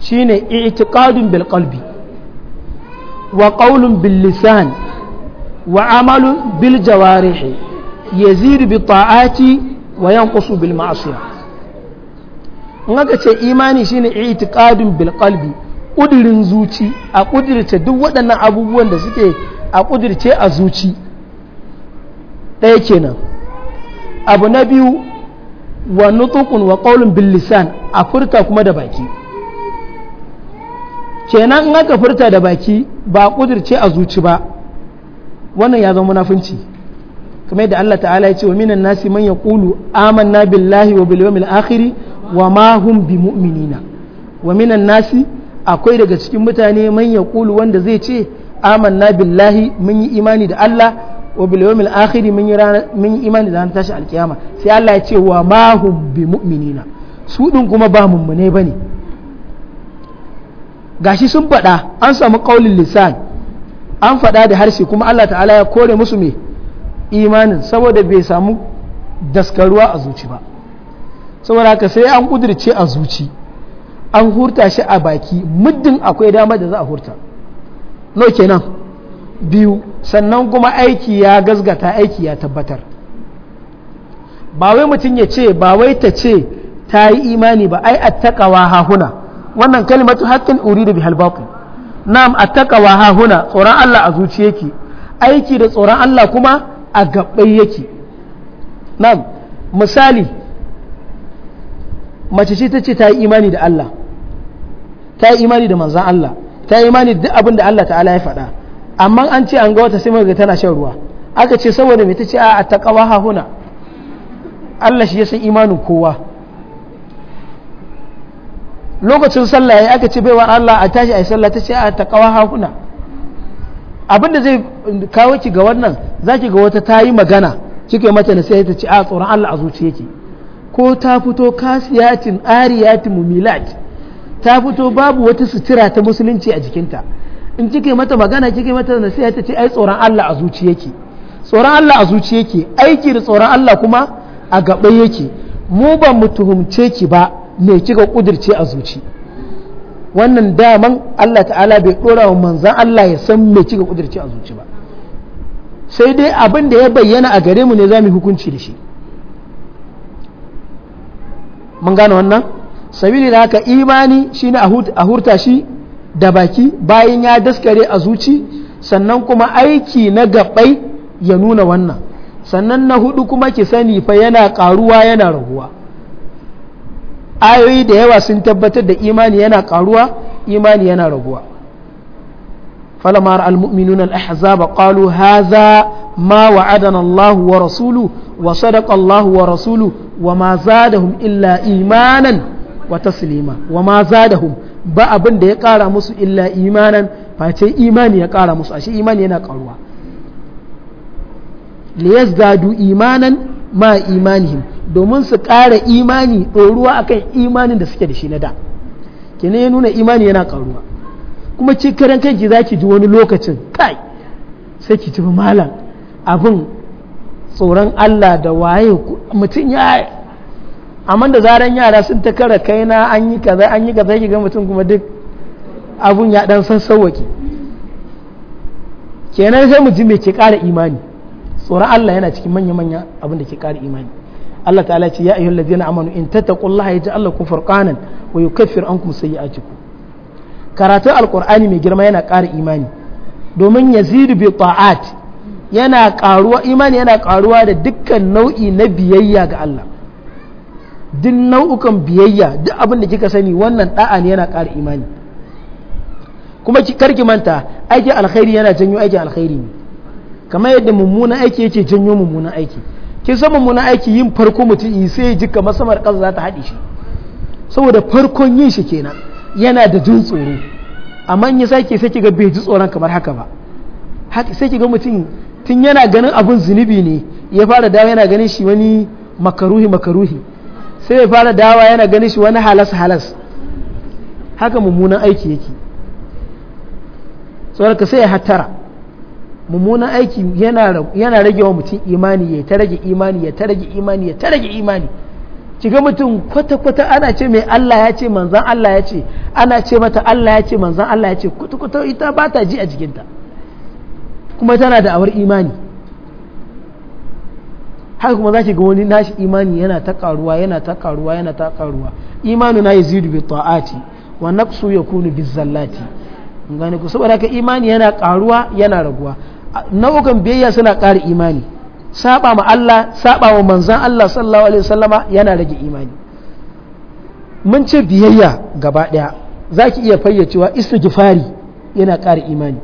shine i'tiqadun bil qalbi wa qawlun bil lisan wa amalu bil jawarihi yazid bi ta'ati wa yanqusu bil ce imani shine i'tiqadun bil qalbi kudirin zuci a kudirce duk waɗannan abubuwan da suke a kudirce a zuci ɗaya kenan abu na biyu wa nutukun wa qaulun bil lisan a furta kuma da baki kenan in aka furta da baki ba kudirce a zuci ba wannan ya zama munafunci kamar yadda Allah ta'ala ya ce wa minan nasi man yaqulu amanna billahi wa bil yawmil wa ma hum wa minan nasi akwai daga cikin mutane man kulu wanda zai ce amanna billahi mun yi imani da Allah wa bil yawmil mun yi imani da ranar tashi alkiyama sai Allah ya ce wa ma hum su din kuma ba mummune bane gashi sun faɗa an samu ƙaulin lisani an faɗa da harshe kuma Allah ta'ala ya kore musu mai imanin saboda bai samu daskaruwa a zuci ba saboda haka sai an kudirce a zuci an hurta shi a baki muddin akwai dama da za a hurta no kenan biyu sannan kuma aiki ya gazgata aiki ya tabbatar ba wai mutum ya ce ba wai ta ce ta yi imani ba ai a attaqawa hahuna wannan kalimatu haqqin uridu bihal batil nam takawa ha huna tsoron Allah a zuciya yake aiki da tsoron Allah kuma a gabbai yake nam misali mace ce ta ce ta yi imani da Allah ta yi imani da manzan Allah ta yi imani duk abin da Allah ta'ala ya faɗa amma an ce an ga wata sai muka tana shan ruwa aka ce saboda me ta ce a takawa ha huna Allah shi ya san imanin kowa lokacin sallah ya aka ce baiwar Allah a tashi a yi sallah ta ce a ta kawa hakuna abinda zai kawo ki ga wannan za ki ga wata ta yi magana cike mata na sai ta ce a tsoron Allah a zuciya ke ko ta fito kasiyatin ariyatin mumilat ta fito babu wata sutura ta musulunci a jikinta in kike mata magana kike mata na sai ta ce ai tsoron Allah a zuciya ke. tsoron Allah a zuciya yake aiki da tsoron Allah kuma a gaba yake mu ba mu tuhumce ki ba Mai kika kudirce a zuci wannan daman Allah ta'ala bai dora wa manzan Allah ya san mai kika kudirce a zuci ba sai dai abin da ya bayyana a gare mu ne za mu hukunci da shi mun gane wannan sabili da haka imani shine a hurta shi da baki bayan ya daskare a zuci sannan kuma aiki na gabai ya nuna wannan sannan na hudu kuma ki sani fa yana karuwa yana raguwa ayoyi da yawa sun tabbatar da imani yana karuwa imani yana raguwa falamar almu'minun al-ahzaba qalu hadha ma wa'adana Allah wa rasulu wa sadaqa Allah wa rasulu wa ma zadahum illa imanan wa taslima wa ma zadahum ba abin da ya kara musu illa imanan face imani ya kara musu ashe imani yana karuwa gadu imanan ma imanihim domin su ƙara imani ɗoruwa akan imanin da suke da shi na da kenan ya nuna imani yana ƙaruwa kuma ci karen kanki za ki ji wani lokacin kai sai ki ci malam abin tsoron Allah da waye mutum ya amma da zaran yara sun ta kara kaina an yi kaza an yi kaza ki ga mutum kuma duk abun ya dan san sauwake kenan sai mu ji me ke ƙara imani tsoron Allah yana cikin manya-manya abin da ke ƙara imani Allah ta'ala ce ya ayyuhu ladina amanu in tattaqullaha yaj'al lakum furqanan wa yukaffir ankum sayyi'atikum karatu alqur'ani mai girma yana ƙara imani domin yazidu bi ta'at yana ƙaruwa imani yana ƙaruwa da dukkan nau'i na biyayya ga Allah duk nau'ukan biyayya duk abin da kika sani wannan da'a ne yana ƙara imani kuma karki manta aiki alkhairi yana janyo aiki alkhairi ne kamar yadda mummunan aiki yake janyo mummunan aiki kin san mummuna aiki yin farko mutum yi sai ya ji kamar samar ƙasa za ta haɗe shi saboda farkon yin shi kenan yana da jin tsoro amma in ya sake sai kiga bai ji tsoron kamar haka ba sai kiga mutum tun yana ganin abun zunubi ne ya fara dawa yana ganin shi wani makaruhi makaruhi sai ya fara dawa yana ganin shi wani halas halas haka mummunan aiki yake tsoron ka sai ya hattara mummunan aiki yana rage wa mutum imani ya ta rage imani ya ta rage imani ya ta rage imani kiga mutum kwata-kwata ana ce mai Allah ya ce manzan Allah ya ce ana ce mata Allah ya ce manzan Allah ya ce kwata-kwata ita ba ta ji a jikinta kuma tana da awar imani haka kuma za ki ga wani nashi imani yana ta karuwa yana ta karuwa yana ta karuwa imanu na yazidu bi ta'ati wa naqsu yakunu bi zallati ku saboda ka imani yana karuwa yana raguwa nau'ukan biyayya suna ƙara imani saba ma Allah saba wa manzan Allah sallallahu alaihi wasallama yana rage imani mun ce biyayya gaba ɗaya za ki iya fayyacewa istighfari yana ƙara imani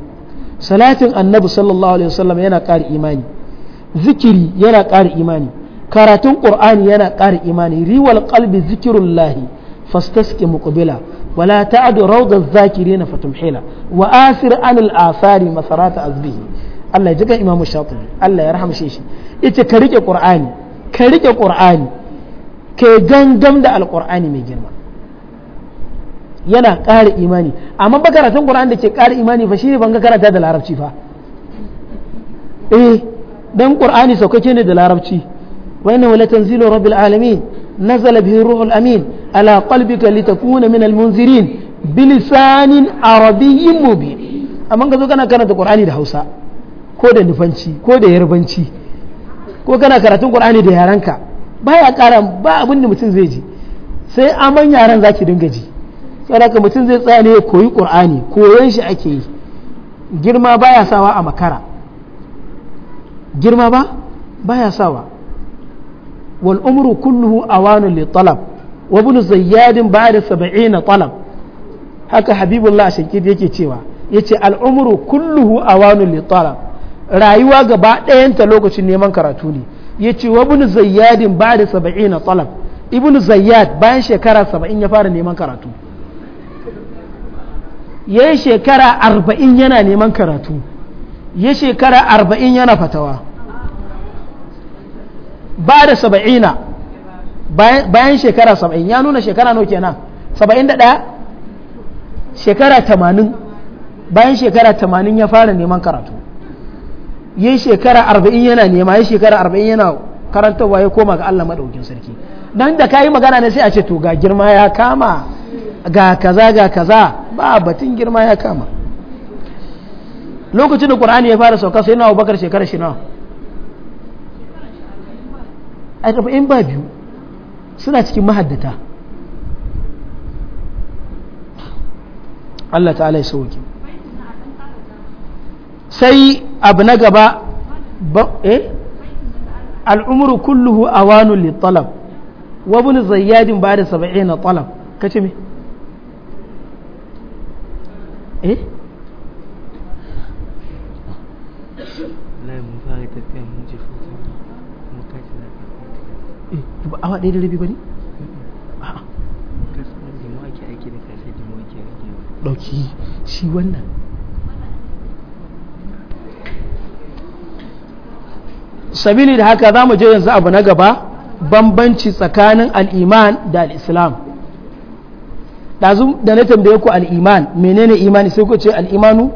salatin annabi sallallahu alaihi wasallam yana ƙara imani zikiri yana ƙara imani karatun qur'ani yana ƙara imani riwal qalbi zikrullahi fastaski muqbila ولا تعد روض الذاكرين فتمحلا وآثر anil asari masarata أزبه Allah ya jikan imamu shatibi Allah ya rahamshe shi ita ka rike qur'ani ka rike qur'ani ke gangam da alqur'ani mai girma yana ƙara imani amma ba karatun qur'ani da ke ƙara imani fa shine ban karata da larabci fa eh dan qur'ani saukake ne da larabci wa inna la tanzilu rabbil alamin nazala bihi ruhul amin ala qalbika litakuna min almunzirin bilisanin arabiyyin mubin amma ka zo kana karanta qur'ani da hausa ko da nufanci ko da yarbanci ko kana karatun qur'ani da yarenka ya kara ba abin da mutum zai ji sai aman yaran zaki dinga ji saboda mutum zai tsaya ne koyi qur'ani koyon shi ake yi girma baya sawa a makara girma ba baya sawa wal umru kulluhu awanun li talab wa ibn da ba'da 70 talab haka habibullah shankid yake cewa yace al umru kulluhu a li talab rayuwa gaba ɗayanta lokacin neman karatu ne ya ce wa ibn zayyadin ba da saba'i na tsalam ibn zayyad bayan shekara saba'in ya fara neman karatu ya yi shekara arba'in yana neman karatu ya shekara arba'in yana fatawa ba da saba'ina bayan shekara saba'in ya nuna shekara nau kenan saba'in da ɗaya shekara tamanin bayan shekara tamanin ya fara neman karatu yi shekara arba'in yana nema ya shekara arba'in yana karantarwa ya koma ga Allah maɗaukin sarki nan da ka yi magana ne sai a ce to ga girma ya kama ga kaza ga kaza ba batun girma ya kama lokacin da qur'ani ya fara sauka sai nawa bakar shekara shi nawa a arba'in ba biyu suna cikin mahaddata Allah ta'ala ya sauke sai abu na gaba eh? al'umru kulluhu a wani talab wa zayyadin ba da saba'in na talab ka ce me eh? eh, ɗauki shi wannan sabili da haka za mu je yanzu abu na gaba bambanci tsakanin al'iman da al'islam ɗazu da na tambaye ku al'iman menene imani sai ku ce al'imanu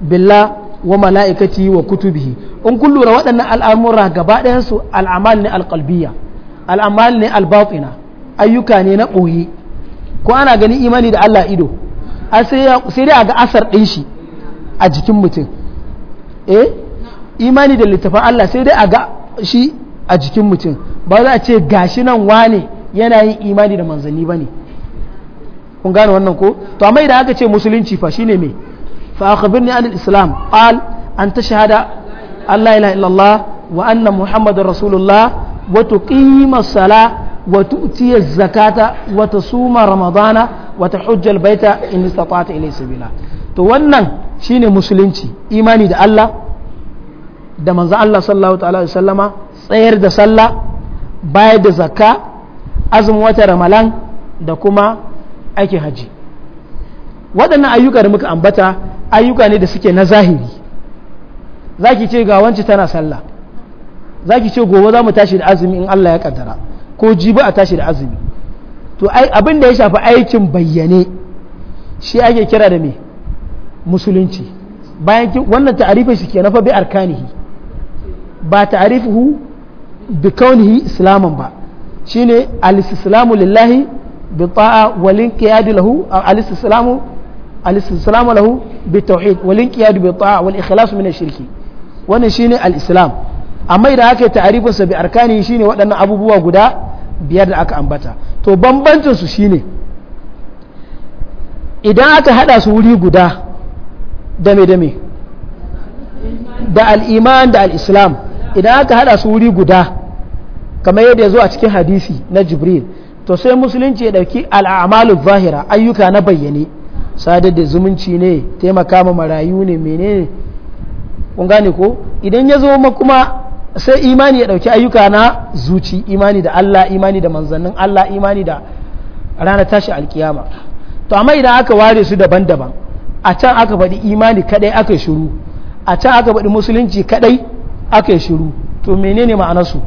billah wa mala'ikati wa kutubihi in kun lura waɗannan al'amura gaba ɗayansu al'amal ne alƙalbiya al'amal ne albatina ayyuka ne na ɓoye ko ana ganin imani da Allah ido sai dai a ga asar ɗin shi a jikin mutum eh imani da littafin Allah sai dai a ga shi a jikin mutum ba za a ce gashi nan wane yana yin imani da manzanni ba ne kun gane wannan ko to amma idan aka ce musulunci fa shine me fa akhbirni anil islam qal an tashhada alla ilaha illallah wa anna muhammadar rasulullah wa tuqima sala wa tu'ti zakata wa tasuma ramadana wa tahujja baita in istata'ta ilayhi sabila to wannan shine musulunci imani da Allah da manzo Allah sallallahu alaihi wasallama tsayar da sallah bayar da zakka azumin wata ramalan da kuma aiki haji waɗannan ayyuka da muka ambata ayyuka ne da suke na zahiri za ki ce ga wanci tana sallah za ki ce gobe za mu tashi da azumi in Allah ya kaddara ko jibi a tashi da azumi to abin da ya shafi aikin bayyane shi ake kira da me musulunci bayan wannan ta'arifin shi ke nafa bi arkanihi ba ta'rifuhu bi kaunihi islaman ba shine al-islamu lillahi bi ta'a wal inqiyad lahu al-islamu al-islamu lahu bi tauhid wal inqiyad bi ta'a wal ikhlas min ash-shirki wannan shine al-islam amma idan aka yi ta'arifin sa bi arkani shine waɗannan abubuwa guda biyar da aka ambata to bambancin su shine idan aka hada su wuri guda dame dame da al-iman da al-islam idan aka hada su wuri guda kamar yadda ya zo a cikin hadisi na jibril to sai musulunci ya dauki al'amalu zahira ayyuka na bayyane sadar da zumunci ne taimaka ma marayu ne menene kun gane ko idan ya zo kuma sai imani ya dauki ayyuka na zuci imani da Allah imani da manzannin Allah imani da ranar tashi alkiyama to amma idan aka ware su daban-daban a can aka faɗi imani kadai aka shiru a can aka faɗi musulunci kadai ake shiru to menene ma'anarsu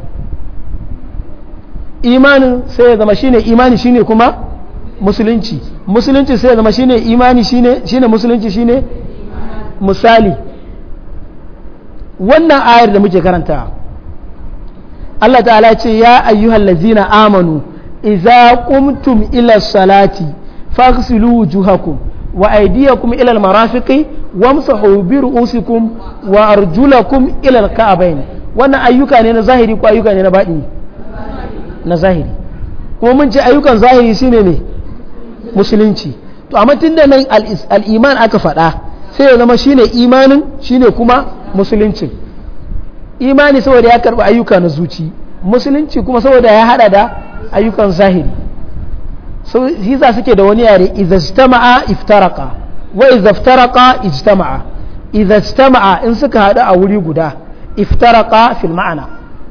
imanin sai ya zama shine imani shine kuma musulunci musulunci sai ya zama shine imani shine shine musulunci shine misali wannan ayar da muke karanta Allah ta'ala ce ya ayyuhal ladzina amanu idza qumtum ila salati faghsilu wujuhakum wa aydiyakum ila al-marafiqi wamsahu bi ru'usikum wa arjulakum ila al-ka'bayn wannan ayyuka ne na zahiri ko ayyuka ne na baɗi na zahiri kuma mun ce ayyukan zahiri shine ne musulunci to amma tunda nan al-iman aka faɗa sai ya zama shine imanin shine kuma musuluncin imani saboda ya karɓi ayyuka na zuci musulunci kuma saboda ya haɗa da ayyukan zahiri so shi za suke da wani yare idza ijtama'a iftaraqa wa idza iftaraqa ijtama'a idza ijtama'a in suka haɗu a wuri guda iftaraqa fil ma'ana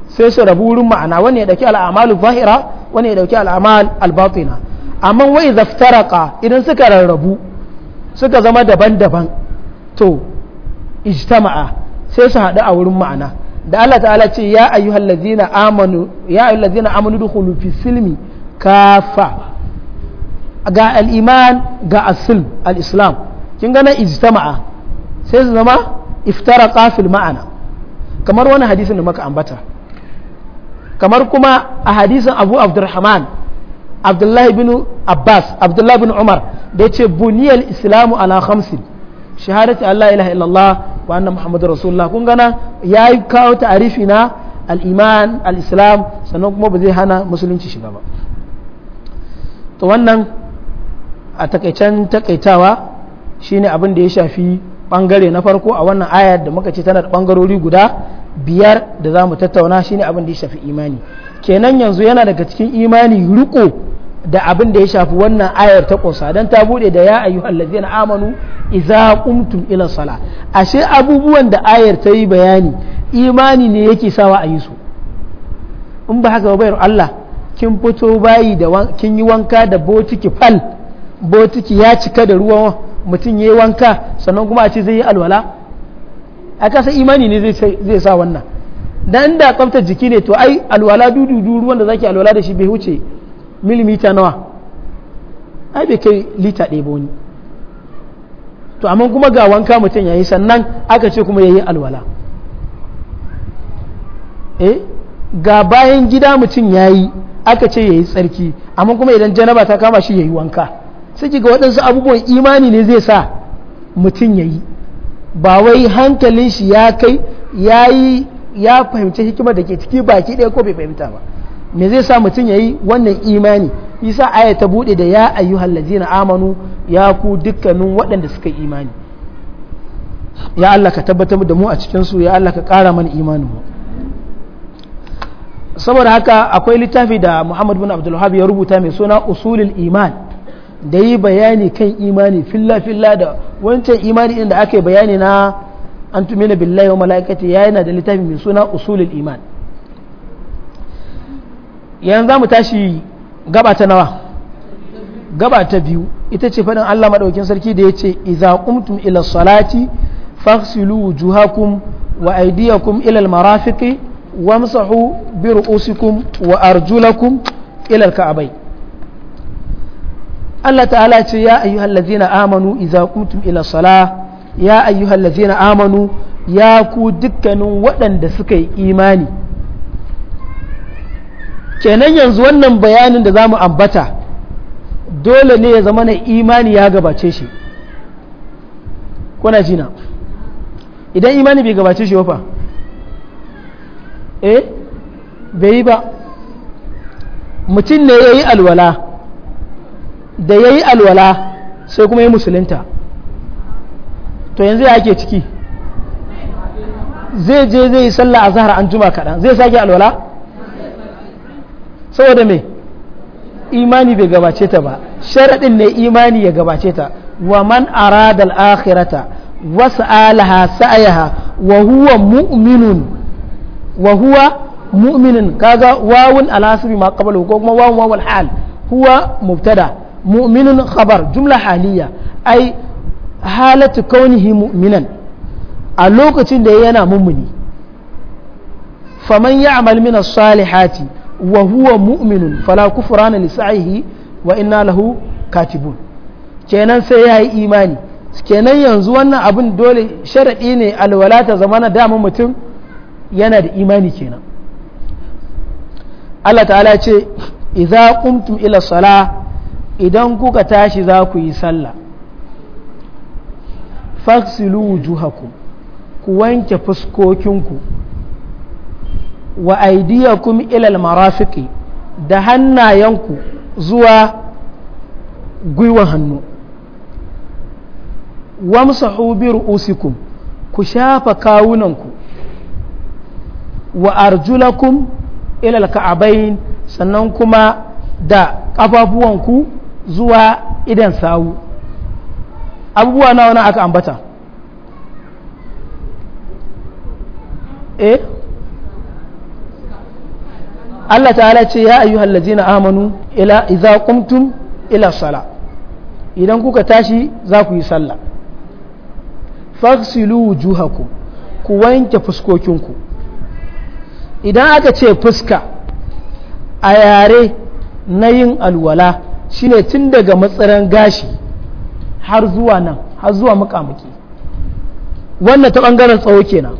sai su rabu wurin ma'ana wani ya ɗauki al'amalu zahira wani ya ɗauki al'amal al amma wa idza iftaraqa idan suka rarrabu suka zama daban-daban to ijitama'a sai su haɗu a wurin ma'ana da Allah ta'ala ce ya ayyuhallazina amanu ya ayyuhallazina amanu dukhulu fi silmi kafa ga al'iman ga asil al'islam kin gana ijtama'a sai su zama iftara kafil ma'ana kamar wani hadisin da maka ambata kamar kuma a hadisin abu abdurrahman abdullahi bin abbas abdullahi bin umar da ya ce buniyar islamu ala khamsin shahadati allah ilaha illallah wa anna muhammadu rasulullah kun gana ya yi kawo ta'arifi na al'iman al'islam sannan kuma ba zai hana musulunci shiga ba to wannan a takaicen takaitawa shine abin da ya shafi bangare na farko a wannan ayar da muka ce tana da bangarori guda biyar da za mu tattauna shine abin da ya shafi imani kenan yanzu yana daga cikin imani riko da abin da ya shafi wannan ayar ta kusa don ta bude da ya ayyuhal na amanu iza kumtum ila sala ashe abubuwan da ayar ta yi bayani imani ne yake sawa a yi su in ba haka ba bayar Allah kin fito bayi da kin yi wanka da botiki fal botiki ya cika da ruwan mutum ya yi wanka sannan kuma a ce zai yi alwala a kasa imani ne zai sa wannan dan da tsaftar jiki ne to ai alwala dududu ruwan da zaki alwala da shi bai wuce milimita nawa ai bai kai lita ɗaya ba to amma kuma ga wanka mutum ya yi sannan aka ce kuma ya yi alwala e ga bayan gida mutum ya yi aka ce ya yi tsarki amma kuma idan janaba ta kama shi ya yi wanka sai ga waɗansu abubuwan imani ne zai sa mutum ya yi ba wai hankalin shi ya kai ya yi ya fahimci hikimar da ke ciki baki ɗaya ko bai fahimta ba me zai sa mutum ya yi wannan imani isa aya ta buɗe da ya ayyu na amanu ya ku dukkanin waɗanda suka imani ya Allah ka tabbatar da mu a cikinsu ya Allah ka ƙara mana imanin mu saboda haka akwai littafi da Muhammad bin abdullahi ya rubuta mai suna usulul iman da yi bayani kan imani filla filla da wancan imani inda aka yi bayani na an tumina billahi wa mala'ikati ya yana da littafi mai suna usulul iman yanzu za mu tashi gaba ta nawa gaba ta biyu ita ce faɗin Allah maɗaukin sarki da ya ce iza qumtum ila salati faghsilu wujuhakum wa aidiyakum ila marafiki marafiqi wamsahu bi ru'usikum wa arjulakum ila ka'abai. Allah ta'ala ce ya ayyuhal ladzina amanu idza qutum ila salah ya ayyuhal ladzina amanu ya ku dukkanin waɗanda suka yi imani kenan yanzu wannan bayanin da zamu ambata dole ne ya zama na imani ya gabace shi kuna jina idan imani bai gabace shi wafa eh bai yi ba mutum ne ya yi alwala da ya yi alwala sai kuma ya musulunta to yanzu ya ake ciki zai je zai yi sallah a zahar an juma kaɗan zai sake alwala saboda mai imani bai gabace ta ba sharaɗin ne imani ya gabace ta wa man aradal akhirata wasu alaha sa'ayaha wa huwa mu'minun wa huwa mu'minin kaga wawun alasiri ma qabla ko kuma wawun wawul hal huwa mubtada' mu'minun khabar jumla haliya ai halatu kaunihi mu'minan a lokacin da yana mummuni faman ya'mal min as-salihati wa huwa mu'minun fala kufrana li sa'ihi wa inna lahu katibun kenan sai ya yi imani kenan yanzu wannan abin dole sharaɗi ne alwala ta zamana dama mutum yana da imani kenan Allah ta'ala ce idza qumtum ila salah idan kuka tashi za ku yi sallah faksilu wujuhakum ku wanke fuskokinku wa aidiyakum ilal marafiki da hannayenku zuwa gwiwa hannu wamsahu bi ru'usikum ku shafa kawunanku wa arjulakum ilal ka'abain sannan kuma da ƙafafuwanku zuwa idan sawu abubuwa na wani aka ambata eh Allah ta'ala ce ya hallaji na amanu ila idza ila sala idan kuka tashi za ku yi sallah fasilu juhaku ku wanke fuskokinku idan aka ce fuska a yare na yin alwala shine tun daga matsaran gashi har zuwa nan har zuwa mukamuki wannan ta ɓangaren tsawo kenan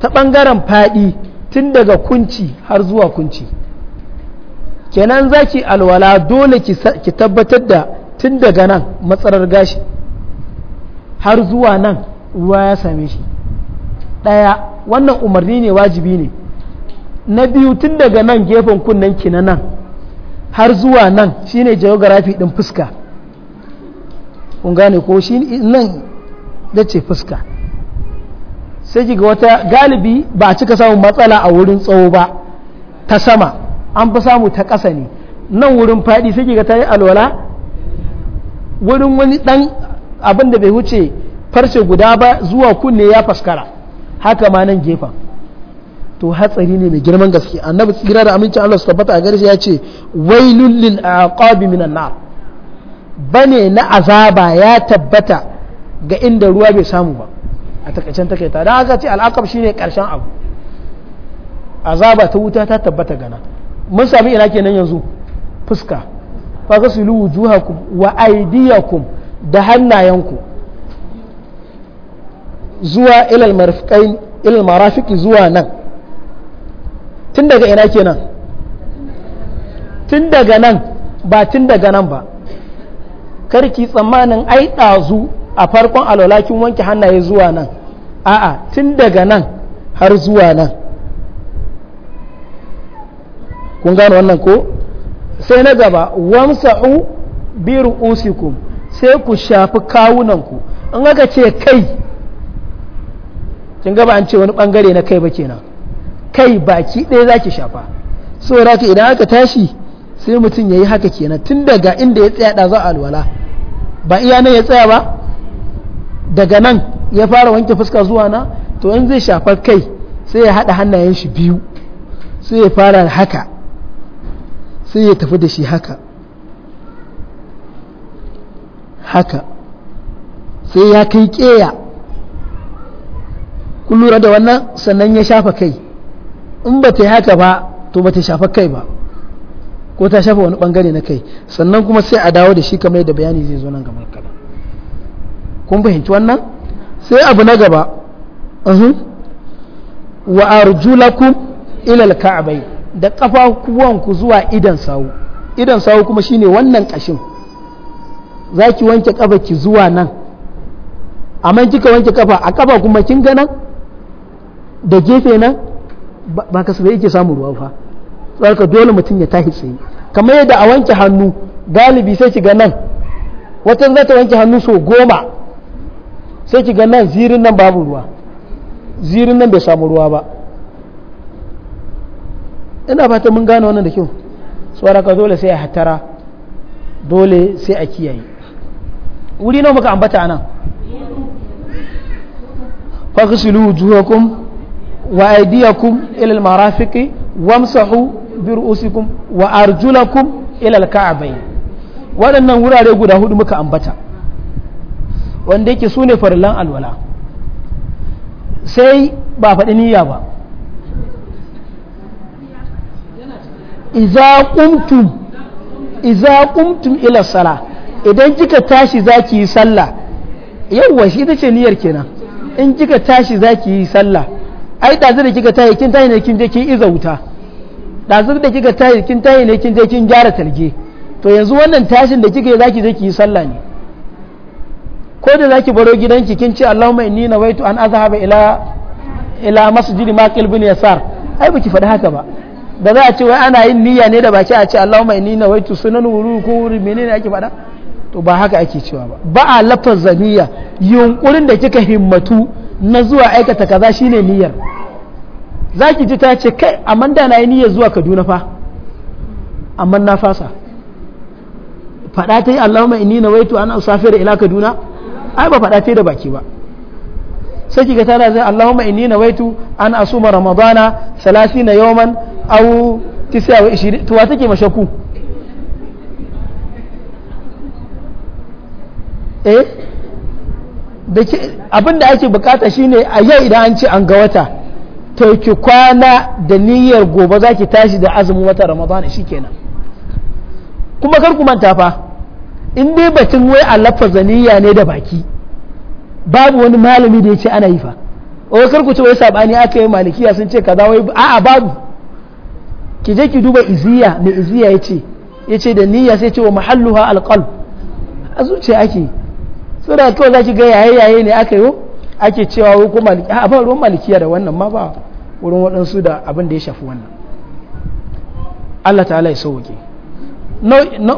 ta ɓangaren faɗi tun daga kunci har zuwa kunci kenan zaki alwala dole ki tabbatar da tun daga nan matsarar gashi har zuwa nan ruwa ya same shi ɗaya wannan umarni ne wajibi ne na biyu tun daga nan gefen kunnen ki na nan har zuwa nan shine geography din fuska kun gane ko shi nan da ce fuska sai kiga wata galibi ba a cika samun matsala a wurin tsawo ba ta sama an fi samu ta ƙasa ne nan wurin faɗi sai kiga ta yi alwala wurin wani ɗan abin da bai wuce farce guda ba zuwa kunne ya faskara haka ma nan gefen to hatsari ne mai girman gaske annabi tsira da amincin Allah su tabbata a gare shi ya ce wailul lil aqabi minan nar bane na azaba ya tabbata ga inda ruwa bai samu ba a takaicen takaita dan aka ce al'aqab shine karshen abu azaba ta wuta ta tabbata gana mun sami ina kenan yanzu fuska fa gasilu wujuhakum wa aydiyakum da hannayenku zuwa ilal marfiqain ilal marafiqi zuwa nan tun daga ina kenan tun daga nan ba tun daga nan ba karki tsammanin ai ɗazu a farkon alwalakin wanke hannaye zuwa nan a'a tun daga nan har zuwa nan kun gano wannan ko sai na gaba wamsa'u biru usiku sai ku shafi kawunanku in aka ce kai kin gaba an ce wani bangare na kai ba kenan kai baki ɗaya za ki shafa da haka idan aka tashi sai mutum ya yi haka kenan tun daga inda ya tsaya ɗazu alwala ba iya nan ya tsaya ba daga nan ya fara wanke fuska zuwa na to in zai shafa kai sai ya haɗa hannayen shi biyu sai ya fara haka sai ya tafi da shi haka haka sai ya kai keya kun lura da wannan sannan ya shafa kai in ba ta haka ba to ba ta shafa kai ba ko ta shafa wani bangare na kai sannan kuma sai a dawo da shi kamar da bayani zai zo nan gaba kada kun fahimci wannan sai abu na gaba wa arjulakum ila alka'bai da ku zuwa idan sawu idan sawu kuma shine wannan kashin zaki wanke kafa ki zuwa nan amma kika wanke kafa a kafa kuma kin ga nan da gefe nan ba ka sabai yake samun ruwa fa ka dole mutum ya tashi tsaye kamar yadda a wanke hannu galibi sai ki ga nan wata za ta wanke hannu sau goma sai ki ga nan zirin nan babu ruwa zirin nan bai samu ruwa ba ina fata mun gane wannan da kyau ka dole sai a hatara dole sai a kiyaye wuri nawa muka ambata nan faghsilu wujuhakum wa aydiyakum ila al-marafiqi wamsahu bi ru'usikum wa arjulakum ila al-ka'bayn waɗannan wurare guda hudu muka ambata wanda yake su ne farillan alwala sai ba a faɗi niyya ba iza kumtum iza kumtum sala idan kika tashi za yi sallah yawwa shi ce niyyar kenan in kika tashi za yi sallah ai ɗazu da kika tayi kin tayi ne kin je kin iza wuta ɗazu da kika tayi kin tayi ne kin je kin gyara talge to yanzu wannan tashin da kika yi zaki je ki yi sallah ne ko da zaki baro gidanki kin ce Allahumma inni nawaitu an azhaba ila ila masjidi maqil bin yasar ai baki faɗi haka ba da za a ce wai ana yin niyya ne da baki a ce Allahumma inni nawaitu sunan wuru ko wuri menene ake faɗa to ba haka ake cewa ba ba a lafazza niyya yunkurin da kika himmatu na zuwa aikata kaza shine niyyar za ki ji ta ce kai amma da na yi niyyar zuwa kaduna fa amma na fasa faɗa ta yi allahumma inni na waitu ana usafira ila kaduna ai ba faɗa ta yi da baki ba sai kiga tana zai allahumma inni na waitu ana asuma ramadana salasina yawman au tisa wa ishirin tuwa take mashaku eh abin da ake bukata shine a yau idan an ce an ga wata to ki kwana da niyyar gobe za ki tashi da azumin wata ramadana shi kenan kuma kar ku manta fa in dai batun wai a lafaza niyya ne da baki babu wani malami da ya ce ana yi fa o kar ku ce wai sabani aka yi malikiya sun ce kaza wai a'a babu ki je ki duba iziya me iziya ya ce ya ce da niyya sai ce wa mahalluha alqalb a zuciya ake saboda kawai za ki ga yaye yaye ne aka yi ake cewa wai ko maliki a ba ruwan malikiya da wannan ma ba wurin waɗansu da abin da ya shafi wannan Allah ta'ala ya sauke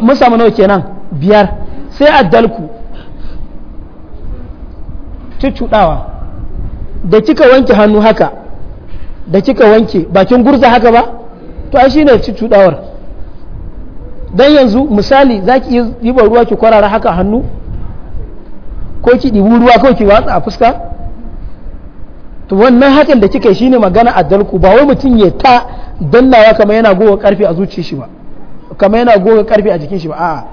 mun samu nau'i kenan biyar sai dalku cuccuɗawa da kika wanke hannu haka da kika wanke bakin gurza haka ba to ai ne cuccuɗawar don yanzu misali za ki yi ruwa ki kwarara haka hannu ko ki ɗibu ruwa ko ki watsa a fuska to wannan hakan da kika shine magana a dalku ba wai mutum ya ta dallawa kamar yana goga karfi a zuci shi ba kamar yana goga karfi a jikin shi ba a'a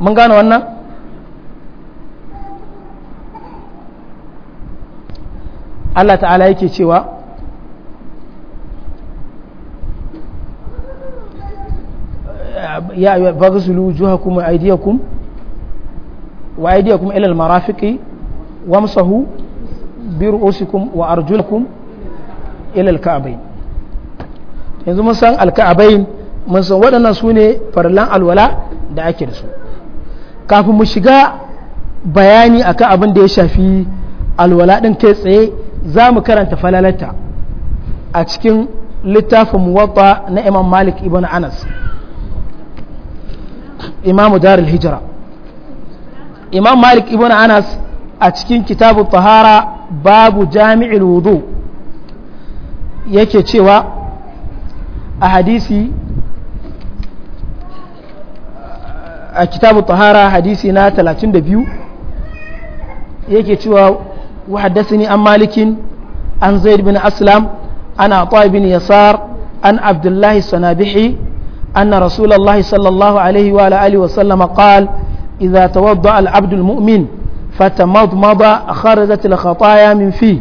mun gane wannan Allah ta'ala yake cewa ya bagsulu juhakum wa aydiyakum wa aidiyakum ila al-marafiqi wamsahu bi ru'usikum wa arjulakum ila alka'bayn yanzu mun san alka'bayn mun san waɗannan su ne farlan alwala da ake da su kafin mu shiga bayani akan abin da ya shafi alwala ɗin kai tsaye za mu karanta falalata a cikin littafin muwatta na imam malik ibn anas imamu darul imam malik ibn anas a cikin kitabu tahara babu jami'in wudu yake cewa a hadisi a kitabu tahara hadisi na 32 yake cewa wahadasini an malikin an zaid bin aslam an aqwa bin yasar an abdullahi sanabihi an rasulallah sallallahu alaihi wa alihi wa sallama qala idza tawadda al فتمضمض خرجت الخطايا من فيه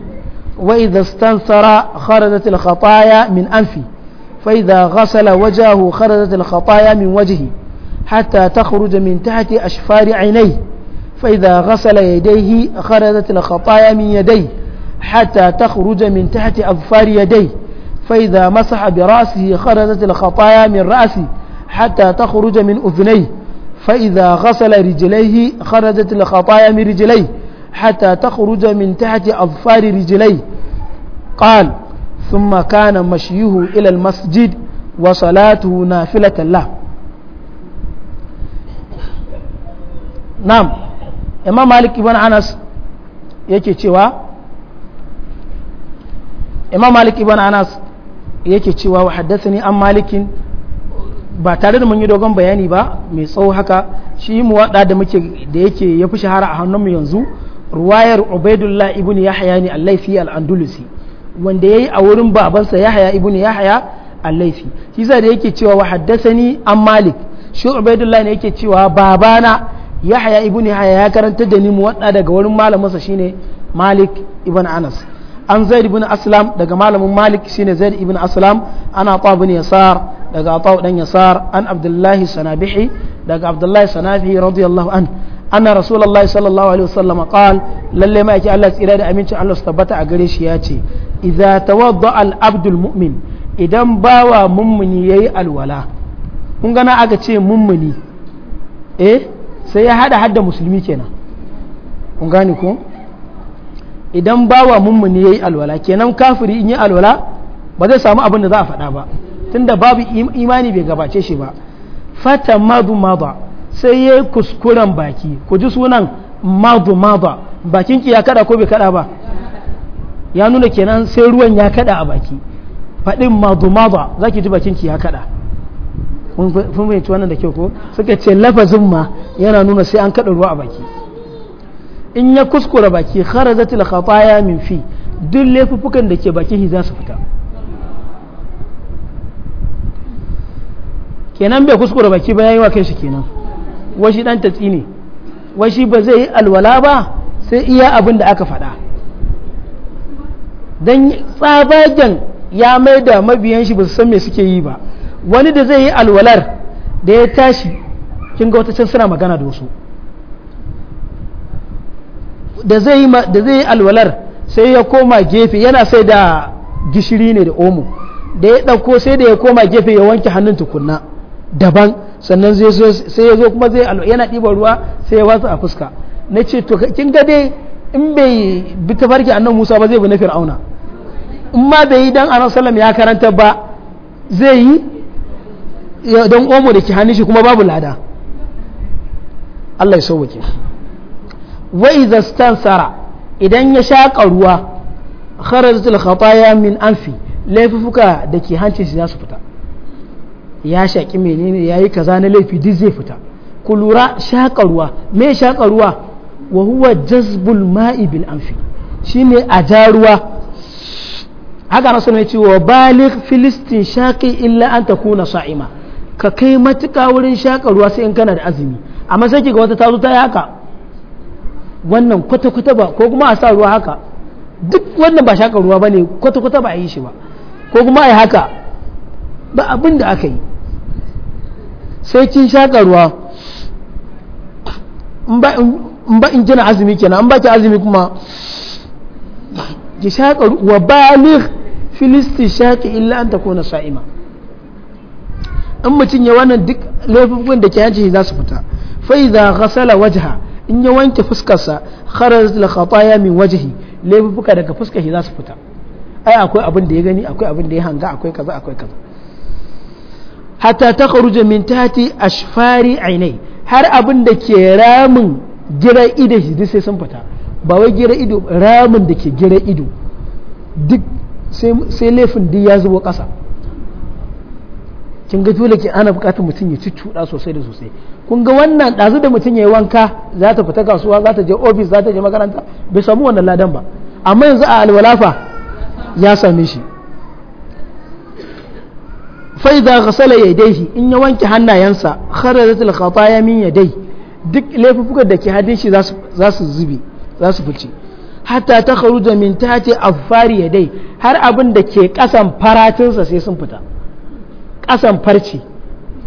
وإذا استنثر خرجت الخطايا من أنفه فإذا غسل وجهه خرجت الخطايا من وجهه حتى تخرج من تحت أشفار عينيه فإذا غسل يديه خرجت الخطايا من يديه حتى تخرج من تحت أظفار يديه فإذا مسح برأسه خرجت الخطايا من رأسه حتى تخرج من أذنيه فإذا غسل رجليه خرجت الخطايا من رجليه حتى تخرج من تحت أظفار رجليه قال ثم كان مشيه إلى المسجد وصلاته نافلة له نعم إمام مالك بن أنس يكي تشوى إمام مالك بن أنس يكي تشوى وحدثني أم an ba tare da mun yi dogon bayani ba mai tsawo haka shi mu muwaɗa da muke da yake ya fi shahara a hannunmu yanzu ruwayar ubaidullah ibn yahya ne allaifi al'andalusi wanda ya yi a wurin babansa yahaya ibn yahya laifi shi da yake cewa wa ni an malik shi ubaidullah ne yake cewa babana yahaya ibn yahya ya karanta da ni mu muwaɗa daga wurin malamansa shine malik ibn anas an zaid ibn aslam daga malamin malik shine zaid ibn aslam ana ta yasar daga Atau dan Yasar an Abdullahi Sanabihi daga Abdullahi Sanabihi radiyallahu an anna Rasulullahi sallallahu alaihi wasallam qal lalle ma yake Allah tsira da amincin Allah su tabbata a gare shi yace idza tawadda al abdul mu'min idan bawa mummuni yayi alwala kun gana aka ce mummuni eh sai ya hada hadda musulmi kenan kun gane ko idan bawa mummuni yayi alwala kenan kafiri in yi alwala ba zai samu abin da za a faɗa ba tunda babu imani bai gabace shi ba fata madu mada sai ya yi kuskuren baki ku ji sunan madu mada bakin ki ya kada ko bai kada ba ya nuna kenan sai ruwan ya kada a baki faɗin madu mada za ki ji bakin ki ya kada kun fahimci wannan da kyau ko suka ce lafazin ma yana nuna sai an kada ruwa a baki in ya kuskura baki kharazatil khataya min fi duk laifukan da ke baki za su fita kenan bai kuskura baki ba yayi wa kai shi kenan washi dan tatsi ne washi ba zai yi alwala ba sai iya abin da aka faɗa dan tsabagen ya mai da mabiyan shi ba su san me suke yi ba wani da zai yi alwalar da ya tashi kin ga wata can suna magana da wasu da zai yi alwalar sai ya koma gefe yana sai da gishiri ne da omo da ya ɗauko sai da ya koma gefe ya wanke hannun tukunna daban sannan sai ya zo kuma zai yana ɗiba ruwa sai ya watsa a fuska na ce to kin ga dai in bai bi ta farki annan musa ba zai bi na fir'auna in ma bai yi dan anan sallam ya karanta ba zai yi don omo da ke hannun shi kuma babu lada Allah ya sauwake wa idza stansara idan ya shaƙa ruwa kharajatul khataya min anfi laifuka da ke hancin shi za su fita ya shaƙi menene ya yi kaza na laifi duk zai fita ku lura shaƙa ruwa me shaƙa ruwa wa huwa jazbul ma'i bil anfi shine a jaruwa. haka rasul ne cewa balik filistin shaƙi illa an ta kuna sa'ima ka kai matuka wurin shaƙa sai in kana da azumi amma sai ga wata ta ta yi haka wannan kwata kwata ba ko kuma a sa ruwa haka duk wannan ba shaƙa ruwa bane kwata kwata ba a yi shi ba ko kuma a yi haka ba abin da aka yi sai kin shaƙa ruwa in ba in jina azumi kenan an ba ki azumi kuma ki shaƙa wa baligh filisti shaki illa an takuna sa'ima in mutum ya wannan duk laifin da ke yanci za su fita fai za ghasala wajha in ya wanke fuskarsa kharajat al khataya min wajhi laifuka daga fuskar shi za su fita ai akwai abin da ya gani akwai abin da ya hanga akwai kaza akwai kaza hata ta kharuja min tahti ashfari ainai har abin da ke ramin gira ido shi duk sai sun fita ba wai gira ido ramin da ke gira ido duk sai laifin duk ya zubo ƙasa kin ga dole ke ana bukatar mutum ya ci cuɗa sosai da sosai kun ga wannan ɗazu da mutum ya yi wanka za ta fita kasuwa za ta je ofis za ta je makaranta bai samu wannan ladan ba amma yanzu a alwalafa ya same shi fa idza ghasala yadayhi in ya wanke hannayensa kharajatul ya min dai duk laifukan da ke hadin shi za su zubi za su fice hatta ta kharuja min tati ya yadai har abin da ke kasan faratinsa sai sun fita kasan farci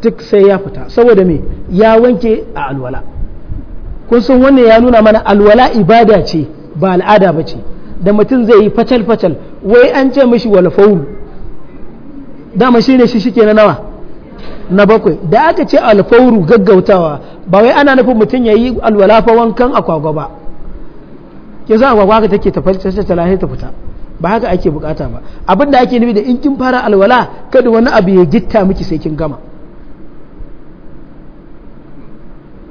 duk sai ya fita saboda me ya wanke a alwala kun san wannan ya nuna mana alwala ibada ce ba al'ada ba ce da mutum zai yi fatal fatal wai an ce mishi wal faul dama shi ne shi ke na nawa na bakwai da aka ce alfauru gaggautawa ba wai ana nufin mutum ya yi alwala fa wankan akwagwa ba ke za akwagwa haka take tafalce ta lahi ta fita ba haka ake bukata ba abin da ake nufi da in kin fara alwala kada wani abu ya gitta miki sai kin gama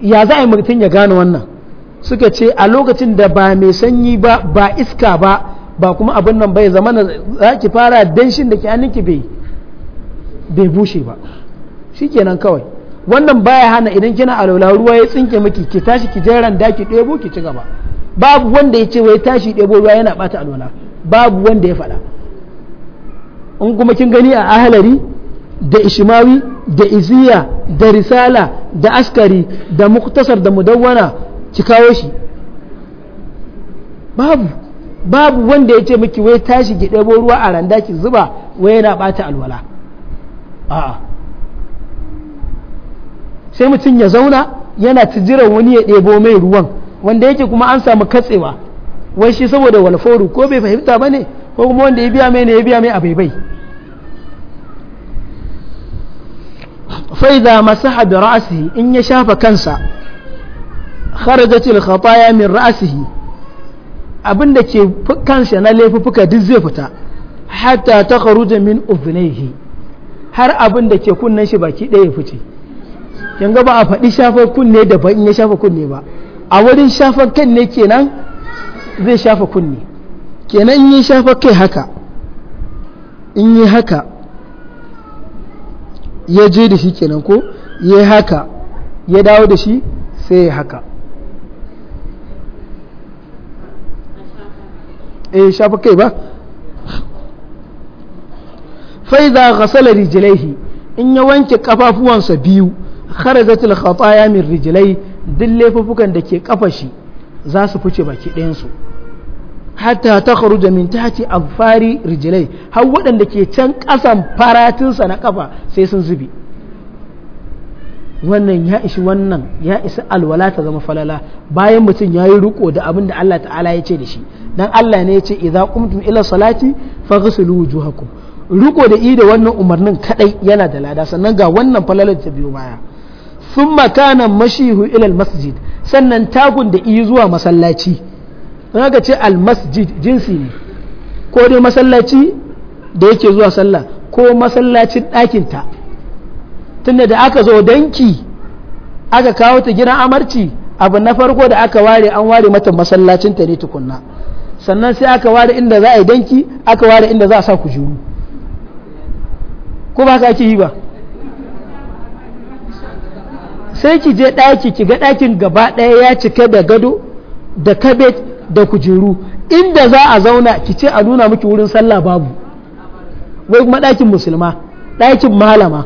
ya za a yi mutum ya gane wannan suka ce a lokacin da ba mai sanyi ba ba iska ba ba kuma abin nan bai zama za ki fara danshin da ki hannun ki bai bai bushe ba shi kenan kawai wannan baya hana idan kina alwala ruwa ya tsinke miki ki tashi ki je da ki ɗebo ki ci gaba babu wanda ya ce wai tashi ɗebo ruwa yana ɓata alwala babu wanda ya faɗa in kuma kin gani a ahalari da ishimawi da iziya da risala da askari da muktasar da mudawwana ki kawo shi babu babu wanda ya ce miki wai tashi ki ɗebo ruwa a randa ki zuba wai yana bata alwala sai mutum ya zauna yana ta jiran wani ya ɗebo mai ruwan wanda yake kuma an samu katsewa wai shi saboda walforu ko bai fahimta ba ne ko kuma wanda ya biya mai ne ya biya mai a baibai fa'iza masaha bi in ya shafa kansa kharajatil khataya min ra'asihi da ke kansa na laifuka duk zai fita hatta ta kharuja min udhnayhi har abin da ke kunnen shi baki ɗaya ya fice kin ga ba a faɗi shafar kunne da in ya shafa kunne ba a wurin shafar kan ne kenan zai shafa kunne kenan in yi shafar kai haka in yi haka ya je da shi kenan ko ya haka ya dawo da shi sai ya haka eh shafa kai ba faiza ghasala rijlaihi in ya wanke kafafuwansa biyu kharajatil khataya min rijlai duk laifukan da ke kafa shi za su fice baki ɗayan su hatta ta kharuja min tahti afari rijlai har waɗanda ke can kasan ƙasan sa na kafa sai sun zubi wannan ya ishi wannan ya isa alwala ta zama falala bayan mutum ya yi riko da abin da Allah ta'ala ya ce da shi dan Allah ne ya ce idza qumtum ila salati faghsilu wujuhakum riko da ida da wannan umarnin kadai yana da lada sannan ga wannan falalar ta biyo baya sun makana mashihu ilal masjid sannan tagun da i zuwa masallaci don haka ce al masjid jinsi ne ko dai masallaci da yake zuwa sallah ko masallacin ɗakinta tunda da aka zo danki aka kawo ta gidan amarci abu na farko da aka ware an ware mata masallacinta ne tukunna sannan sai aka ware inda za a yi danki aka ware inda za a sa kujeru ko ba ka ake yi ba sai ki je ɗaki ki ga ɗakin gaba ɗaya ya cika da gado da kabe da kujeru inda za a zauna ki ce a nuna miki wurin sallah babu wai kuma ɗakin musulma ɗakin malama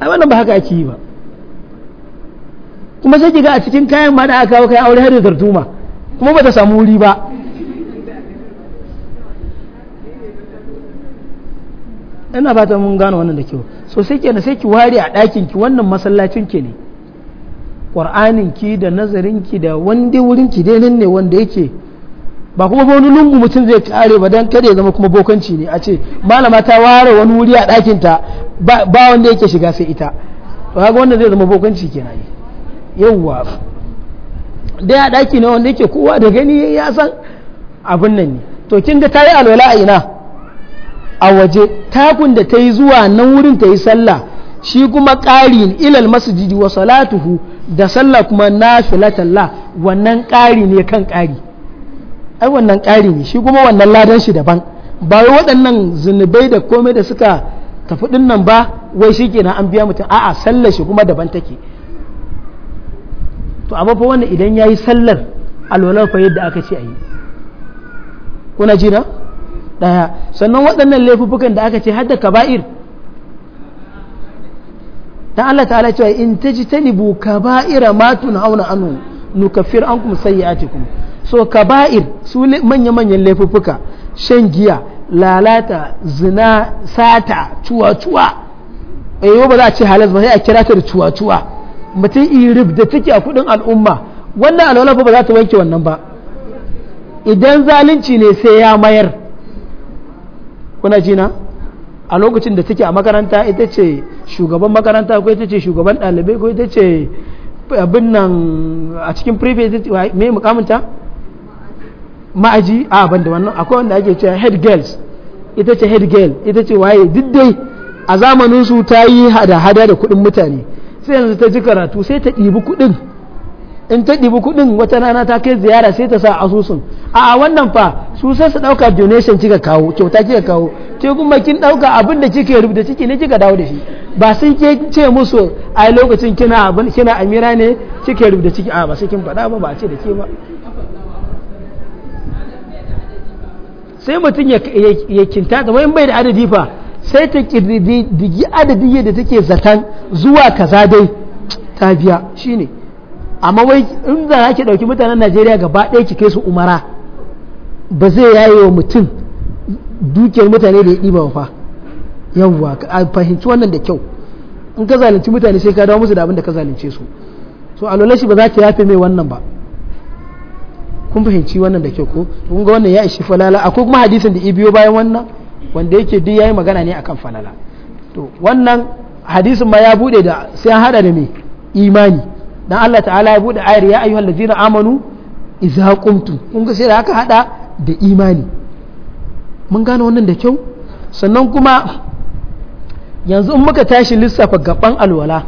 ai wannan ba haka ake yi ba kuma sai ki ga a cikin kayan ma da aka kawo kai aure har da zartuma kuma ba ta samu wuri ba ina ba ta mun gane wannan da kyau so sai kenan sai ki ware a ɗakin ki wannan masallacin ki ne ƙwar'anin ki da nazarin ki da wanda wurin ki dai nan ne wanda yake ba kuma ba wani lungu mutum zai kare ba don kada ya zama kuma bokanci ne a ce malama ta ware wani wuri a ɗakin ta ba wanda yake shiga sai ita to ga wannan zai zama bokanci kenan yawwa dai a ɗaki ne wanda yake kowa da gani ya san abin nan ne to kin ga tayi alwala a ina a waje takun da ta yi zuwa nan wurin ta yi sallah shi kuma ƙari ilal masjidi wa salatuhu da sallah kuma na filatalla wannan ƙari ne kan ƙari ai wannan ƙari ne shi kuma wannan ladan shi daban ba wai waɗannan zunubai da komai da suka tafi ɗin nan ba wai shi kenan an biya mutum a'a sallar shi kuma daban take to abu fa wannan idan ya yi sallar alwalar fa yadda aka ce a yi kuna ji na ɗaya sannan waɗannan laifukan da aka ce hadda kaba'ir ta Allah ta'ala cewa in tajtanibu kaba'ira ma tunhauna anhu nukaffir ankum sayyi'atikum so kaba'ir su manya manyan laifuffuka shan giya lalata zina sata cuwa-cuwa eh ba za a ce halas ba sai a kira ta da cuwa-cuwa mutum irib da take a kudin al'umma wannan alwala ba za ta wanke wannan ba idan zalunci ne sai ya mayar kuna jina a lokacin da take a makaranta ita ce shugaban makaranta ko ita ce shugaban ɗalibai ko ita ce abin nan a cikin private mai mukamunta ma'aji a ban da wannan akwai wanda ake cewa head girls ita ce head girl ita ce waye diddai a zamanin su ta yi hada-hada da kuɗin mutane sai yanzu ta ji karatu sai ta ɗibi kuɗin in ta ɗibi kuɗin wata rana ta kai ziyara sai ta sa asusun a wannan fa su sai su ɗauka donation kika kawo kyauta kika kawo ke kuma kin ɗauka abin da kike rubuta ciki ne kika dawo da shi ba sun ke ce musu a lokacin kina abin kina amira ne kike rubuta ciki a ba sai kin faɗa ba ba ce da ke ba sai mutum ya kinta da wani bai da adadi fa sai ta kirdi adadi yadda take zaton zuwa kaza dai ta biya shine amma wai in za ki ɗauki mutanen najeriya gaba ɗaya ki kai su umara ba zai yaye wa mutum dukiyar mutane da ya ɗiba fa yawwa a fahimci wannan da kyau in ka zalunci mutane sai ka dawo musu da abin da ka zalunce su so a shi ba za ki yafe mai wannan ba kun fahimci wannan da kyau ko kun ga wannan ya ishi falala akwai kuma hadisin da ibiyo bayan wannan wanda yake duk yayi magana ne akan falala to wannan hadisin ma ya bude da sai an hada da me imani dan Allah ta'ala ya bude ayar ya ayyuhal ladina amanu idza qumtum kun ga sai da aka hada da imani mun gane wannan da kyau sannan kuma yanzu in muka tashi lissafa gaban alwala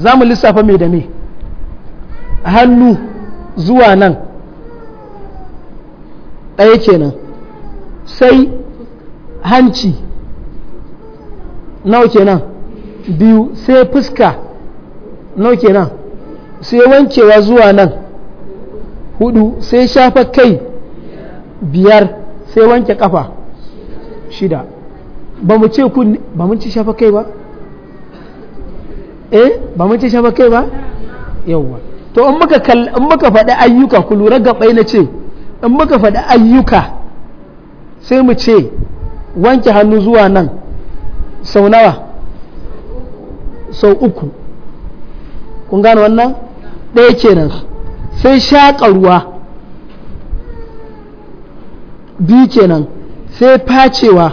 za mu lissafa mai da me hannu zuwa nan ɗaya kenan sai hanci nawa kenan biyu sai fuska no kenan sai wankewa zuwa nan hudu sai shafa kai biyar sai wanke kafa shida ba mu ce kun ba mun ci shafa kai ba eh ba mun ci shafa kai ba yawwa to in muka kal in muka faɗi ayyuka ku lura gabai na ce in muka faɗi ayyuka sai mu ce wanke hannu zuwa nan sau nawa sau uku kun gane wannan ɗaya kenan sai shaƙa ruwa biyu kenan sai facewa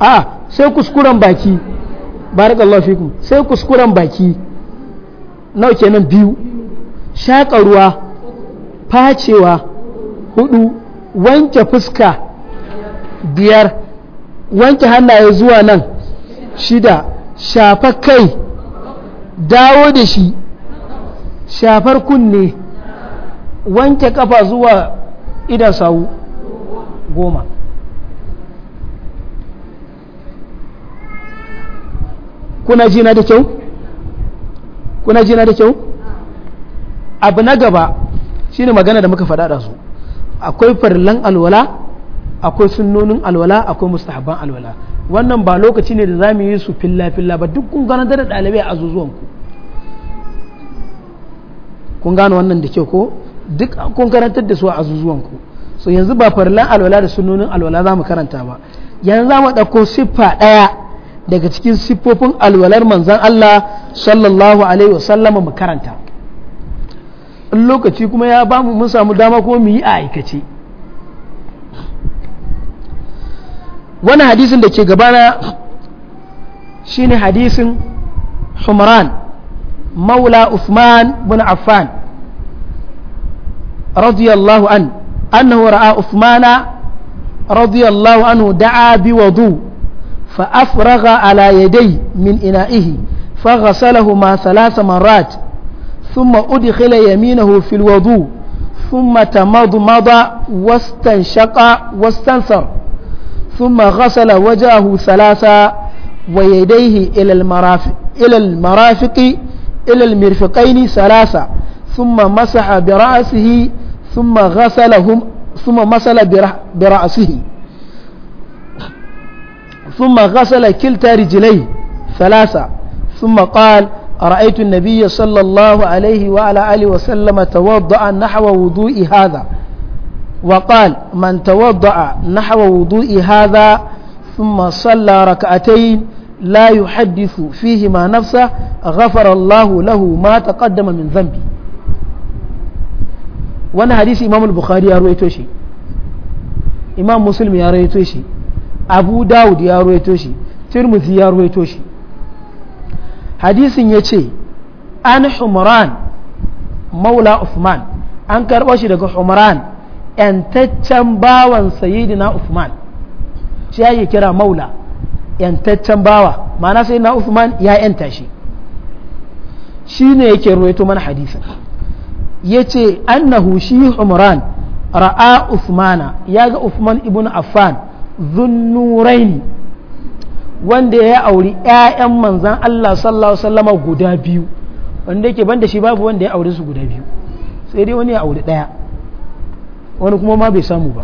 a sai kuskuren baki barakallahu fikum sai kuskuren baki nau kenan biyu shaƙa ruwa facewa hudu wanke fuska biyar wanke hannaye zuwa nan shida shafa kai dawo da shi shafar kunne wanke kafa zuwa idan sawu goma kuna jina da kyau? kuna jina da kyau? abu na gaba shine magana da muka faɗa da su akwai farlan alwala akwai sunnonin alwala akwai mustahabban alwala wannan ba lokaci ne da za mu yi su filla-filla ba duk kun da ɗalibai a zuzuwanku kun gano wannan da kyau ko duk kun karantar da su a azuzuwanku so yanzu ba farlan alwala da sunonin alwala za mu karanta ba yanzu za mu ɗauko siffa ɗaya daga cikin siffofin alwalar manzan Allah sallallahu alaihi wa sallama mu karanta in lokaci kuma ya bamu mun samu dama ko mu yi a aikace wani hadisin da ke gabana shine hadisin Humran maula usman, bin Affan رضي الله عنه أنه رأى عثمان رضي الله عنه دعا بوضوء فأفرغ على يديه من إنائه فغسلهما ثلاث مرات ثم أدخل يمينه في الوضوء ثم تمضمض واستنشق واستنثر ثم غسل وجهه ثلاثا ويديه إلى المرافق إلى المرافق إلى المرفقين ثلاثا ثم مسح برأسه ثم غسلهم ثم مسل برأسه ثم غسل كلتا رجليه ثلاثة ثم قال رأيت النبي صلى الله عليه وعلى آله وسلم توضأ نحو وضوء هذا وقال من توضأ نحو وضوء هذا ثم صلى ركعتين لا يحدث فيهما نفسه غفر الله له ما تقدم من ذنبه wani hadisi imam bukhari ya ruwaito shi imam muslim ya ruwaito shi abu dawud ya ruwaito shi tirmidhi ya ruwaito shi hadisin ya ce an humran maula uthman an karɓo shi daga humran yantaccen bawan sayidina uthman shi ya kira maula yantaccen bawa ma'ana sayidina uthman ya yanta shi shi ne yake ruwaito mana hadisin ya ce annahu shi umran ra'a usmana ya ga usman ibn affan zunnurain wanda ya auri 'ya'yan manzan Allah sallallahu sallama guda biyu wanda yake banda shi babu wanda ya aure su guda biyu sai dai wani ya auri ɗaya wani kuma ma bai samu ba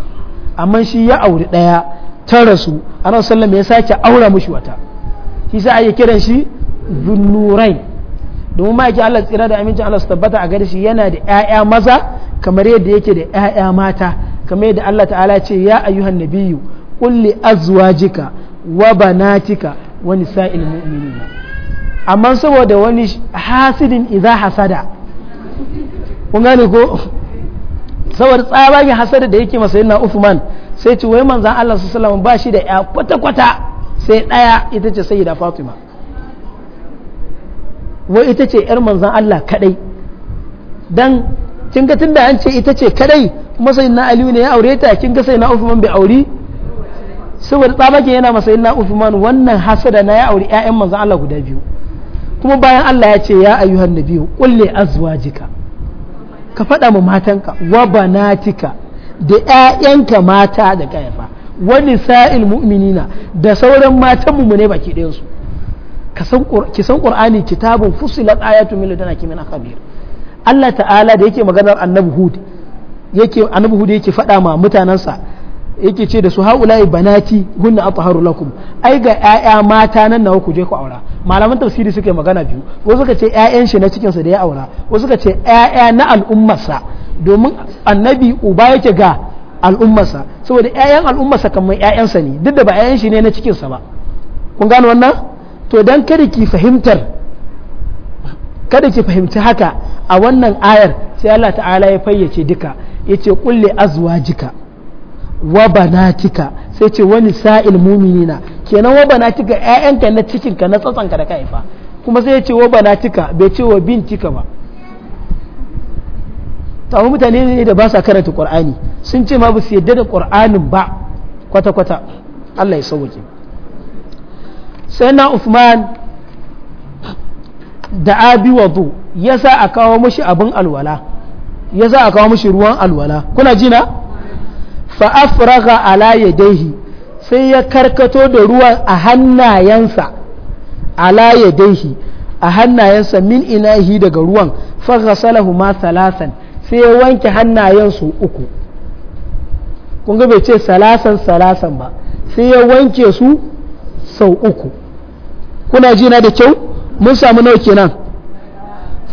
amma shi ya auri ɗaya ta rasu ana sallama ya sake aura mushi wata shi sai ayi kiran shi zunnurain domin yake Allah tsira da amincin Allah su tabbata a gare shi yana da ƴaƴa maza kamar yadda yake da ƴaƴa mata kamar yadda Allah ta'ala ce ya ayyuhan nabiyyu qul li azwajika wa banatika wa nisa'il mu'minin amma saboda wani hasidin idza hasada kun gane ko saboda tsabagen hasada da yake masa yana Uthman sai ce wai manzon Allah sallallahu alaihi wasallam ba shi da ƴa kwata-kwata sai ɗaya ita ce sayyida Fatima wai ita ce 'yar manzan Allah kaɗai dan kin ga tunda an ce ita ce kadai kuma na aliyu ne ya aure ta kin ga sai na ufuman bai auri saboda tsabake yana masayin na ufuman wannan hasada na ya auri 'ya'yan manzan Allah guda biyu kuma bayan Allah ya ce ya ayyuhan nabiyu kulli azwajika ka faɗa ma matanka wa banatika da 'ya'yanka mata da kayafa wani sa'il mu'minina da sauran matan mu ne baki ɗayansu ki san qur'ani kitabun fusilat ayatu min ladana kimin khabir Allah ta'ala da yake maganar annabi hud yake annabi hud yake faɗa ma mutanansa yake ce da su haula'i banati hunna atharu lakum ai ga ƴaƴa mata nan nawa ku je ku aura malaman tafsiri suka yi magana biyu wasu suka ce ƴaƴan shi na cikin sa da ya aura wasu suka ce ƴaƴa na al'ummarsa domin annabi uba yake ga al'ummarsa saboda ƴaƴan al'ummarsa kamar ƴaƴansa ne duk da ba ƴaƴan shi ne na cikin sa ba kun gane wannan to don kada ki fahimtar kada ki fahimci haka a wannan ayar sai Allah ta'ala ya fayyace duka ya yace kulle azwajika wa banatika sai ce wani sa'il muminina kenan wa banatika ƴaƴanka na cikinka na tsatsanka da ka kuma sai ya ce wa banatika bai ce wa bintika ba tawo mutane ne da ba sa karanta qur'ani sun ce ma ba su yadda da qur'anin ba kwata-kwata Allah ya sauke sai na Uthman da abi wadu ya a kawo mashi abin alwala ya sa a kawo mashi ruwan alwala kuna jina fa'afraga ala yadaihi sai ya karkato da ruwan a hannayensa ala yadaihi a hannayensa min inahi daga ruwan fagasalahu ma salasan sai ya wanke hannayensu uku kun bai ce salasan salasan ba sai ya wanke su sau uku kuna ji na da kyau mun samu nawa kenan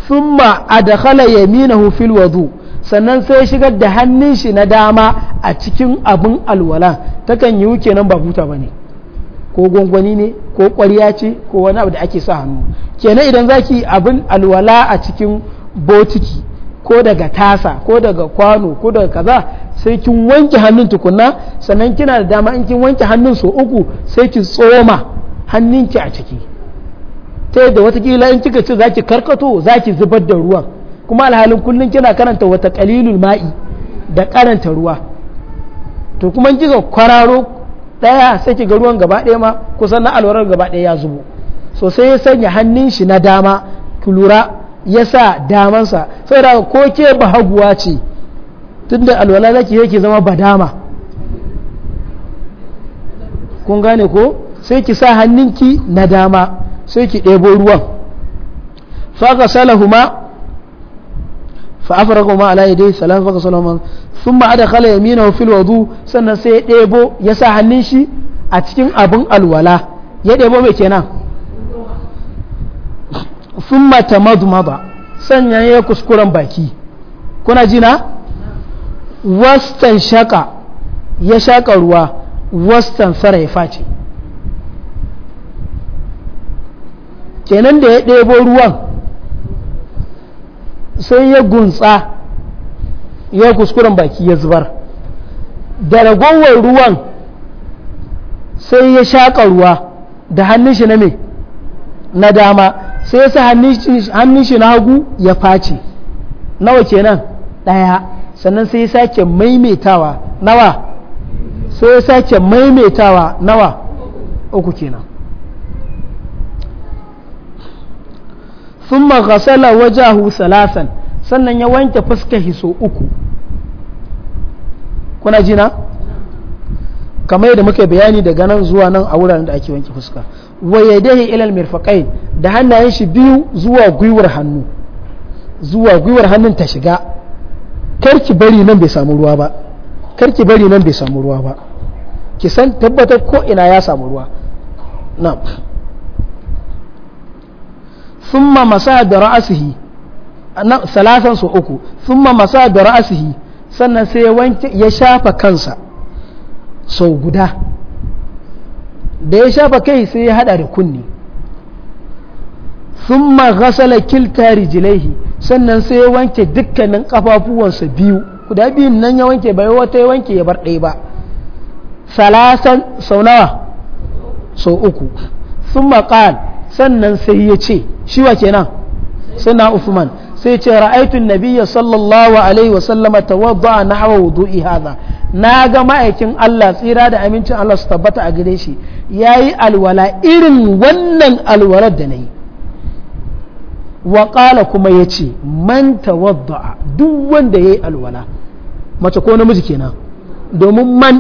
thumma adkhala yaminahu fil wudu sannan sai ya shigar da hannun shi na dama a cikin abun alwala takan yiwu kenan ba huta bane ko gwangwani ne ko ƙwariya ce ko wani abu da ake sa hannu kenan idan zaki abin alwala a cikin botiki ko daga tasa ko daga kwano ko daga kaza sai kin wanke hannun tukunna sannan kina da dama in kin wanke hannun so uku sai ki tsoma hannunki a ciki ta yadda watakila in kika ce zaki karkato zaki zubar da ruwan kuma alhalin kullum kina karanta wata kalilul ma'i da karanta ruwa to kuma kika kwararo daya sai kiga ruwan gaba ɗaya ma kusan na alwarar gaba ɗaya ya zubo so sai ya sanya hannun shi na dama ki lura ya sa damansa sai da ko ke ba haguwa ce tunda alwala zaki yake zama badama kun gane ko sai ki sa hannunki na dama sai ki ɗebo ruwan faka salahuma fa afraga ma ala dai salam faka salahuma thumma adkhala yamina fil wudu sannan sai ya ɗebo ya sa hannun shi a cikin abin alwala ya ɗebo mai kenan thumma tamadmada sannan ya kuskuren baki kuna jina wastan shaka ya shaka ruwa wastan sara ya face kenan da ya ɗebo ruwan sai ya gunsa ya kuskuren baki ya zubar da ragowar ruwan sai ya shaƙa ruwa da hannun shi na me na dama sai ya sa hannun shi na hagu ya face nawa kenan ɗaya sannan sai ya sake maimaitawa nawa sai ya sake maimaitawa nawa uku kenan thumma ghasala wajahu salasan sannan ya wanke fuska hiso uku kuna jina kamar yadda muka bayani daga nan zuwa nan a wuraren da ake wanke fuska Waye yadayhi ilal almirfaqain da hannayen shi biyu zuwa gwiwar hannu zuwa gwiwar hannun ta shiga karki bari nan bai samu ruwa ba karki bari nan bai samu ruwa ba ki san tabbatar ko ina ya samu ruwa na'am thumma masa da ra'asihi salasan su uku thumma masa da ra'asihi sannan sai ya shafa kansa sau guda da ya shafa kai sai ya hada da kunni thumma ghasala kilta rijlaihi sannan sai ya wanke dukkanin kafafuwansa biyu guda biyun nan ya wanke bai wata ya wanke ya bar ɗaya ba salasan sau nawa sau uku sun maƙal sannan sai ya ce shi wa kenan sannan Uthman sai ce ra'aitun nabiyya sallallahu alaihi wasallama tawadda na hawa wudu'i hadha na ga ma'aikin Allah tsira da amincin Allah su tabbata a gare shi yayi alwala irin wannan alwalar da nayi wa qala kuma yace man tawadda duk wanda yayi alwala mace ko namiji kenan domin man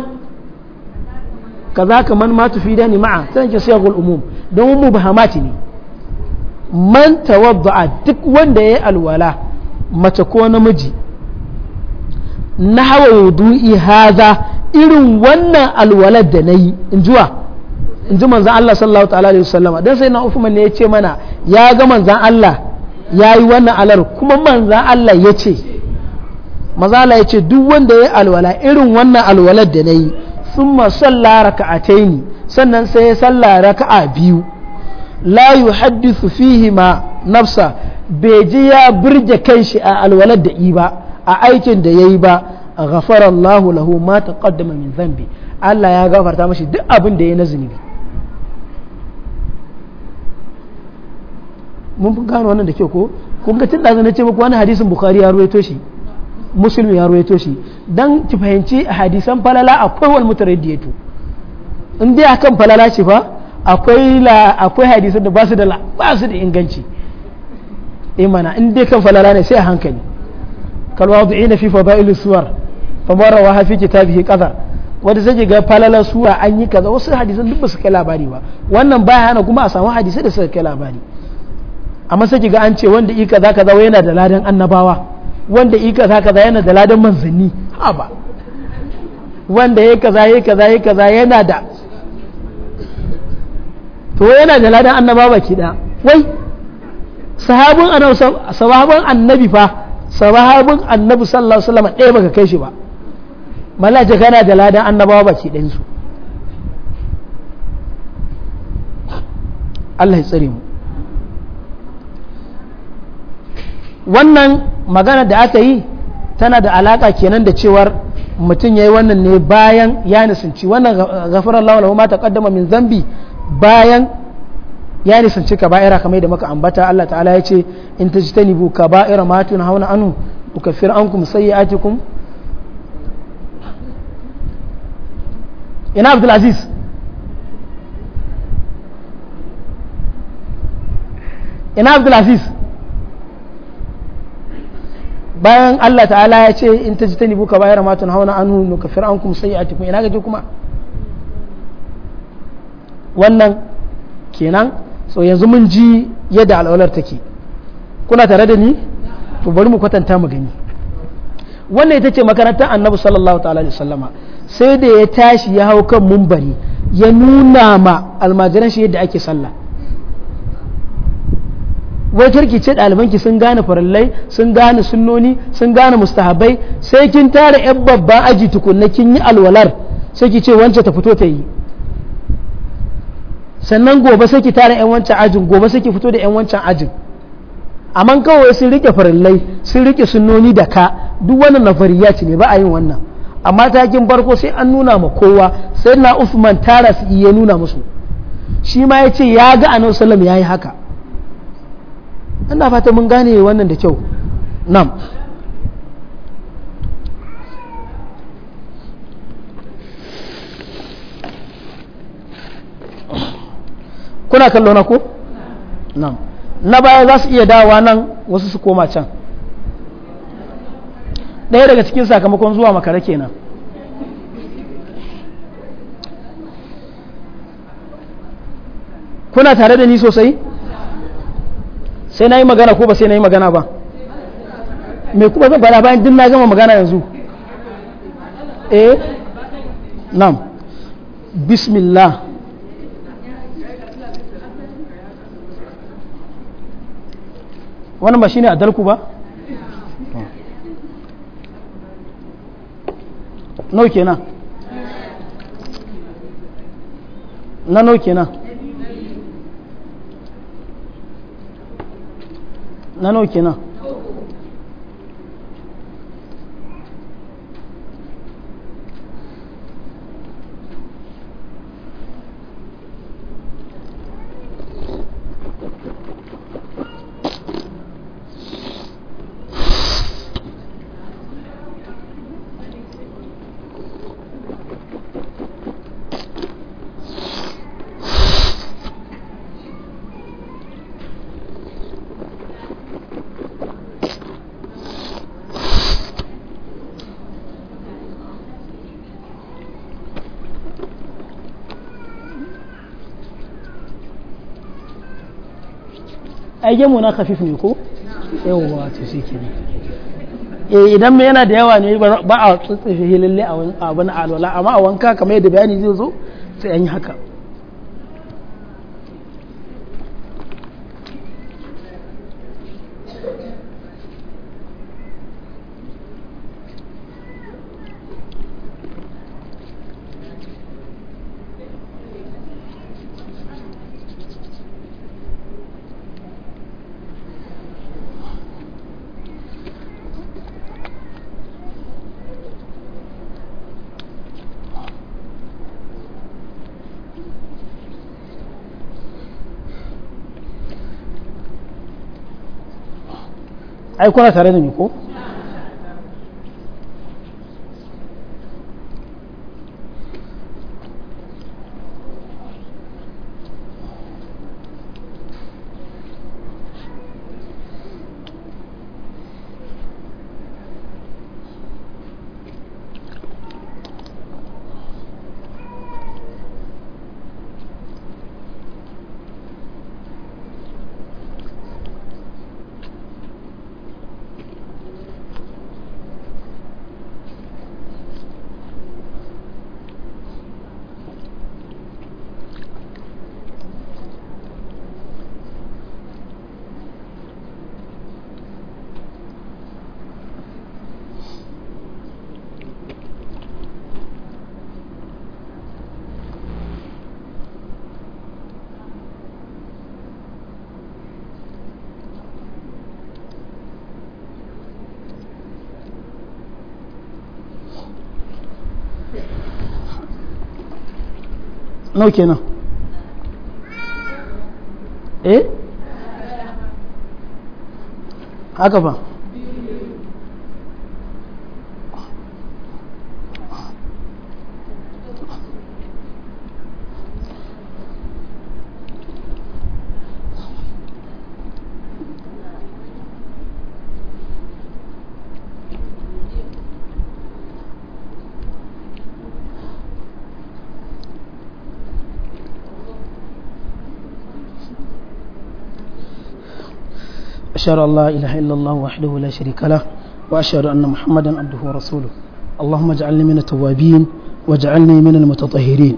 kaza ka man da ni ma'a sai ke siyagul umum don mu bahamati ne man tawadda'a duk wanda yayi alwala mace ko namiji na hawa wudu'i haza irin wannan alwalar da nayi in juwa in ji manzan Allah sallallahu ta'ala alaihi wasallama dan sai na Uthman ne ya ce mana ya ga manzan Allah ya yi wannan alar kuma manzan Allah ya ce manzan Allah yace duk wanda ya alwala irin wannan alwalar da nayi thumma salla raka'ataini sannan sai ya salla raka'a biyu la yuhaddithu fihi ma nafsa bai ji ya burge kanshi a alwalad da i ba a aikin da yayi ba ghafara Allahu lahu ma taqaddama min dhanbi Allah ya gafarta mashi duk abin da ya na zunubi mun gano wannan da kyau ko kun ga tun da na ce muku wani hadisin bukhari ya ruwaito shi muslim ya ruwaito shi Dan ki fahimci hadisan falala akwai wal mutaraddiyatu in dai akan falala ce fa akwai la akwai hadisan da ba da ba su da inganci eh mana in dai kan falala ne sai a hankali kal wadi'ina fi fada'il suwar fa mara wa fi kitabihi qadar wanda sai ga falalar suwa an yi kaza wasu hadisan duk ba su kai labari ba wannan baya hana kuma a samu hadisai da suka kai labari amma sai ga an ce wanda yi kaza kaza wai yana da ladan annabawa wanda yi kaza kaza yana da ladan manzanni ha ba wanda ya kaza ya kaza ya kaza yana da to yana da ladan annaba baki da wai sahabin annabi sahabin annabi fa sahabin annabi sallallahu alaihi wasallam ɗaya baka kai shi ba malaika kana da ladan annabawa baki ɗayan su Allah ya tsare mu wannan magana da aka yi tana da alaka kenan da cewar mutum ya yi wannan ne bayan ya nisanci wannan gafarar lawa ma ta kaddama min zambi bayan ya nisanci ka ba'ira kamar da muka ambata Allah ta'ala ya ce in ta ji tanibu ba'ira ma tun hauna anu ukafir ankum sayyi'atikum ina Abdul Aziz ina Abdul Aziz bayan Allah ta'ala ya ce in ta ji ta nibu ka bayar matun hauna an hunu ka an kuma sai a tukun ina gaji kuma wannan kenan so yanzu mun ji yadda al'aular take kuna tare da ni to bari mu kwatanta mu gani wannan ita ce makarantar annabi sallallahu ta'ala sallama sai da ya tashi ya hau kan mumbari ya nuna ma almajiran shi yadda ake sallah wai kirki ce ɗalibanki sun gane farallai sun gane sunnoni sun gane mustahabai sai kin tara yan babban aji tukunna kin yi alwalar sai ki ce wancan ta fito ta yi sannan gobe sai ki tara yan wancan ajin gobe sai ki fito da yan wancan ajin amma kawai sun rike farallai sun rike sunnoni da ka duk wannan nafariya ce ne ba a yin wannan amma takin barko sai an nuna ma kowa sai na usman tara su iya nuna musu shi ma ya ce ya ga annabi sallam yayi haka ina fata mun gane wannan da kyau nam kuna kallo na ku na baya za su iya dawa nan wasu su koma can ɗaya daga cikin sakamakon zuwa makara kenan kuna tare da ni sosai sai na yi magana ko ba sai na yi magana ba me kuma zan faɗa bayan duk na gama magana yanzu eh nam bismillah wani ba a dalku ba nau kenan na nau kenan na nawa kenan gemu na khafif ne ko yawwa to shi ke eh idan mai yana da yawa ne ba a tsitsi lalle a wani alwala amma a wanka kamar yadda bayani zai zo sai an yi haka ai kuna tare da ni ko nau kenan eh haka ba أشهد أن لا إله إلا الله وحده لا شريك له وأشهد أن محمدا عبده ورسوله اللهم اجعلني من التوابين واجعلني من المتطهرين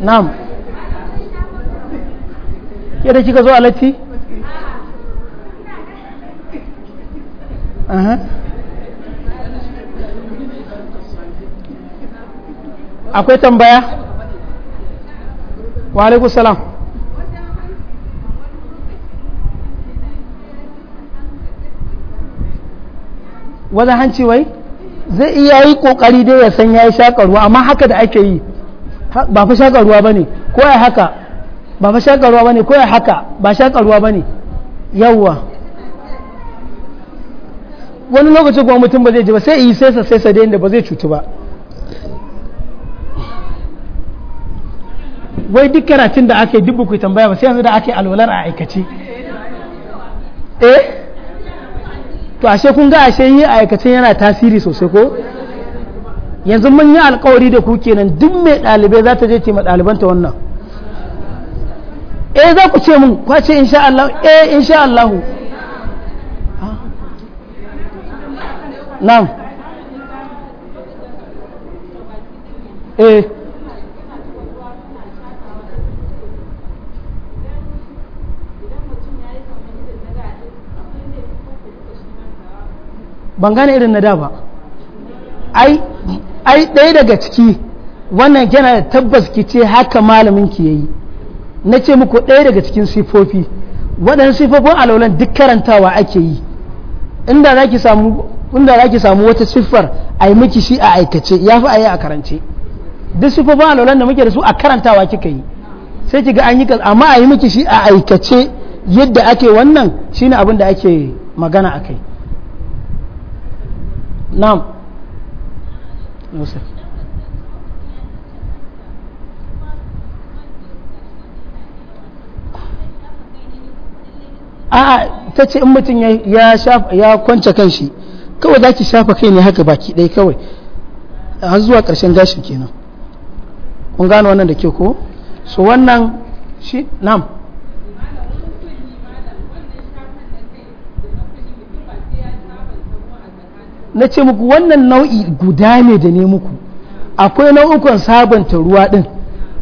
نعم يا رجل زو علتي akwai tambaya wa alaikum salam wadda hanci wai zai iya yi kokari dai ya san ya yi shakarwa amma haka da ake yi ba fa shakarwa ba ne ko ya haka ba fa shakarwa ba ne ko ya haka ba shakarwa ba ne yawwa wani lokacin kuma mutum ba zai ji ba sai yi sai sa sai sa da ba zai cutu ba wai duk karatun da aka yi duk ku tambaya ba sai yanzu da aka yi alwalar a aikace eh to ashe kun ga ashe yin aikace yana tasiri sosai ko yanzu mun yi alkawari da ku kenan duk mai ɗalibai za ta je ce ma ɗalibanta wannan eh za ku ce mun kwace insha Allah eh insha Allah na'am eh ban gane irin na da ba ai ɗaya daga ciki wannan yana da tabbas ki ce haka malamin ki yayi na ce muku ɗaya daga cikin sifofi waɗannan sifofin alaulan duk karantawa ake yi inda za ki samu za ki samu wata siffar a yi miki shi a aikace ya fi a yi a karance duk siffofin alaulan da muke da su a karantawa kika yi sai ki ga an yi amma a yi miki shi a aikace yadda ake wannan shine abin da ake magana a kai na'am a'a ta ce in mutum ya kwance kan shi kawai za ki shafa kai ne haka baki ɗaya kawai a zuwa ƙarshen gashin kenan kun gane wannan da ke ko su wannan shi nam na ce muku wannan nau'i guda ne da ne muku akwai nau'ukan sabanta ruwa din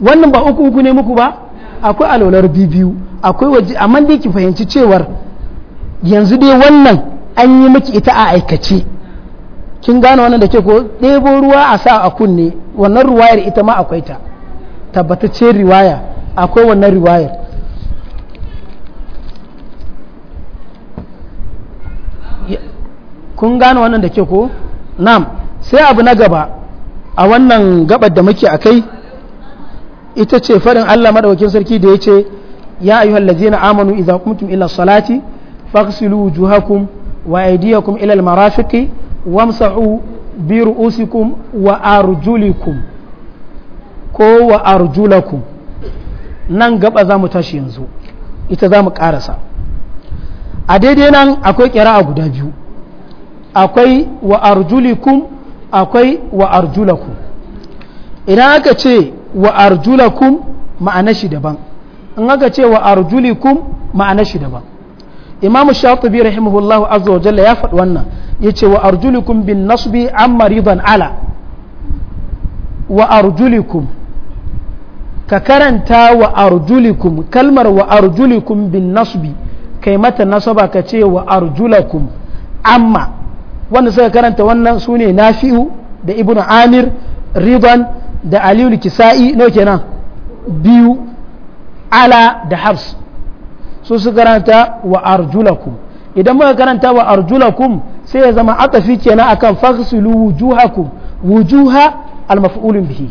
wannan ba uku uku ne muku ba akwai alwalar bibiyu akwai waje amma dai ki fahimci cewar yanzu dai wannan an yi miki ita a aikace kin gane wannan da ke ko ɗebo ruwa a sa a kunne wannan ruwayar ita ma akwai ta tabbataccen riwaya akwai wannan riwayar kun gane wannan da ke ko nam sai abu na gaba a wannan gabar da muke akai ita ce faɗin Allah madaukakin sarki da ya ce ya ayyuhal ladzina amanu idza qumtum ila salati faghsilu wujuhakum wa aydiyakum ila al marafiqi wamsahu bi ru'usikum wa arjulikum ko wa arjulakum nan gaba za mu tashi yanzu ita za mu karasa a daidai nan akwai kira'a guda biyu akwai wa arjulikum akwai wa arjulakum idan aka ce wa arjulakum ma'ana shi daban in aka ce wa arjulikum ma'ana shi daban imam shatibi rahimahullahu azza wa ya faɗi wannan yace wa arjulikum bin nasbi an maridan ala wa arjulikum ka karanta wa arjulikum kalmar wa arjulikum bin nasbi kai mata nasaba ka ce wa arjulakum amma wanda suka karanta wannan su ne nafi'u da ibn amir riban da aliyu kisa'i no kenan biyu ala da habs su su karanta wa arjulakum idan muka karanta wa arjulakum sai ya zama atafi kenan akan faghsilu wujuhakum wujuha al-maf'ulun bihi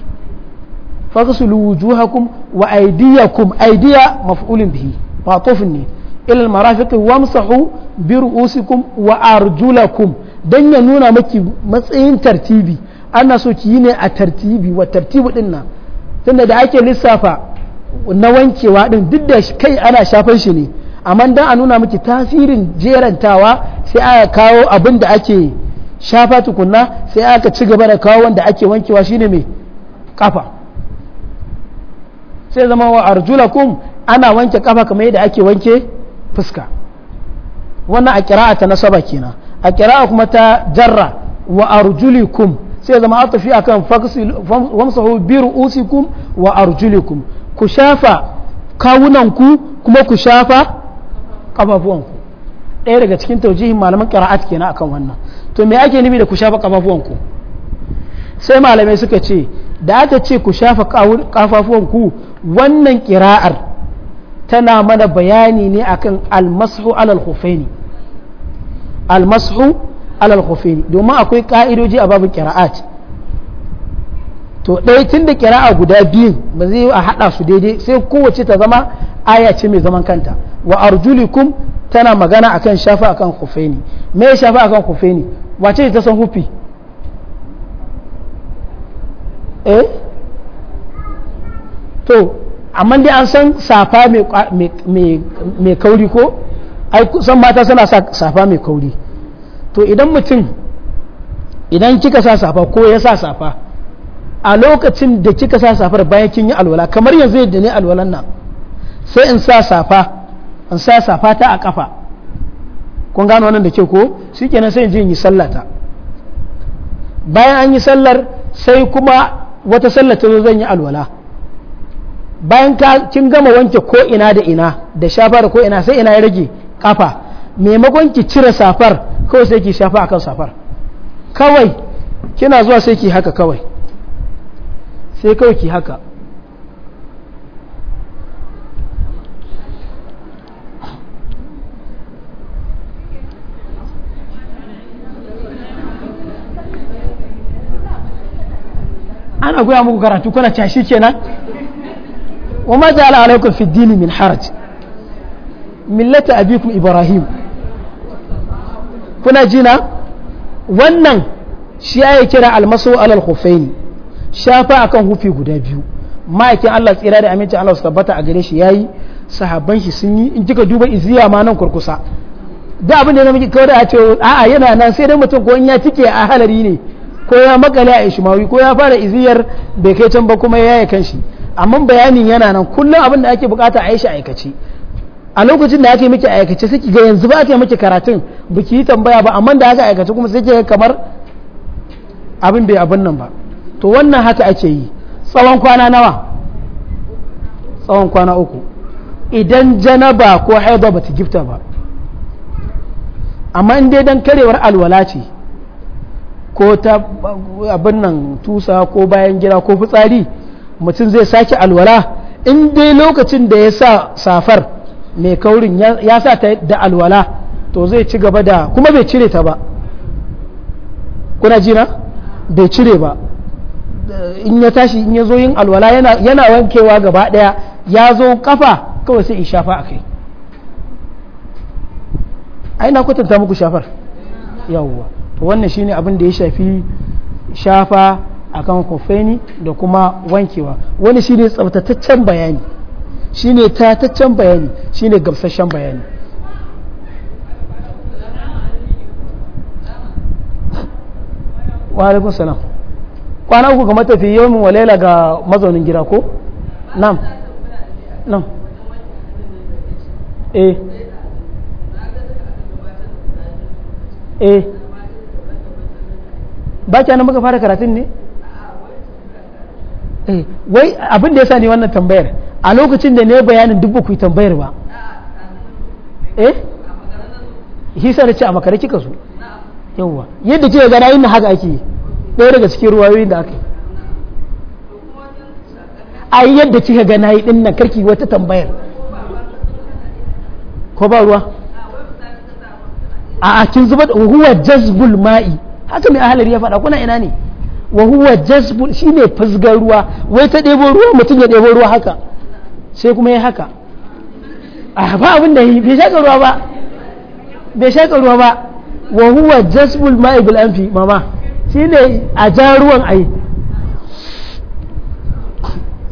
faghsilu wujuhakum wa aydiyakum aydiya maf'ulun bihi fatufni ila al-marafiq wamsahu bi ru'usikum wa arjulakum don ya nuna maki matsayin tartibi ana so ki yi ne a tartibi wa tartibi din nan tunda da ake lissafa na wankewa din duk da kai ana shafan shi ne amma dan a nuna maki tasirin jerantawa sai aka kawo abin da ake shafa tukunna sai aka ci gaba da kawo wanda ake wankewa shine mai kafa sai zama wa arjulakum ana wanke kafa kamar yadda ake wanke fuska wannan a ta saba kenan a kira'a kuma ta jarra wa arjulikum sai zama atafi akan famsahu bi ru'usikum wa arjulikum ku shafa kawunanku kuma ku shafa kafafuwanku ɗaya daga cikin taujihin malaman qira'at kenan akan wannan to me ake nufi da ku shafa kafafuwanku sai malamai suka ce da aka ce ku shafa kafafuwanku wannan kira'ar tana mana bayani ne akan almasu alal hufaini almasu alal khufaini domin akwai ka'idoji a babu kira'at to ɗaya tun da kira'a guda biyun ba zai yi a haɗa su daidai sai kowace ta zama aya ce mai zaman kanta wa arjulikum tana magana akan shafa akan khufaini me shafa akan khufaini wace ta san hufi eh to amma dai an san safa mai kauri ko ai kusan mata suna sa safa mai kauri to idan mutum idan kika sa safa ko ya sa safa a lokacin da kika sa safar bayan kin yi alwala kamar yanzu yadda ne alwalan nan sai in sa safa in sa safa ta a kafa kun gano wannan da ke ko kenan sai in je in yi sallata bayan an yi sallar sai kuma wata sallar ta zo zan yi alwala bayan kin gama wanke ko ina da ina da shafa da ko ina sai ina ya rage kafa maimakon ki cire safar kawai sai ki shafa akan safar kawai kina zuwa sai ki haka kawai sai kawai ki haka ana goya muku karatu kuna cashi kenan wa ma ala alaikum fi dini min haraj millata abikum ibrahim kuna jina wannan shi ya kira almasu alal hufaini shafa akan hufi guda biyu ma'aikin Allah tsira da aminci Allah su tabbata a gare shi yayi sahabban shi sun yi in kika duba iziya ma nan kurkusa da abin da namiji kawai a ce a'a yana nan sai dai mutum ko in ya tike a halari ne ko ya makale a ishmawi ko ya fara iziyar bai kai can ba kuma ya kan kanshi amma bayanin yana nan kullum abin da ake bukata a yi shi aikace a lokacin da ake miki aikace sai ki ga yanzu ba ake miki karatun ba ki yi tambaya ba amma da aka aikace kuma sai ki kamar abin bai abin nan ba to wannan haka ake yi tsawon kwana nawa tsawon kwana uku idan janaba ko haiba ba ta gifta ba amma in dai dan karewar alwala ce ko ta abin nan tusa ko bayan gida ko fitsari mutum zai sake alwala in dai lokacin da ya sa safar mai kaurin ya sa ta da alwala to zai ci gaba da kuma bai cire ta ba kuna jina bai cire ba in ya tashi in ya zo yin alwala yana wankewa gaba daya ya zo kafa kawai sai in shafa a kai ai kwatanta muku shafar yawwa to wannan shine abin da ya shafi shafa akan kofeni da kuma wankewa wani shine tsabtataccen bayani Shi ne tataccen bayani shi ne gamsashen bayani wa alaikun salam kwana uku ga matafi yau wa laila ga mazaunin gida ko nam nam eh eh ba ki muka fara karatun ne eh wai abin da ya sa wannan tambayar a lokacin da ne bayanin duk ku yi tambayar ba eh hisa da ce a makare kika su yawwa yadda ce gana yin haka ake yi ɗaya daga cikin ruwayoyin da aka yi a yi yadda kika gana yi ɗin nan karki wata tambayar ko ba ruwa a kin zuba wa huwa jazbul ma'i haka mai ahalar ya faɗa kuna ina ne wa huwa jazbul shine fusgar ruwa wai ta ɗebo ruwa mutum ya ɗebo ruwa haka sai kuma ya haka a ba abin da yi bai shaƙa ruwa ba bai shaƙa ruwa ba wa huwa jasbul ma'i bil anfi mama shine a ja ruwan yi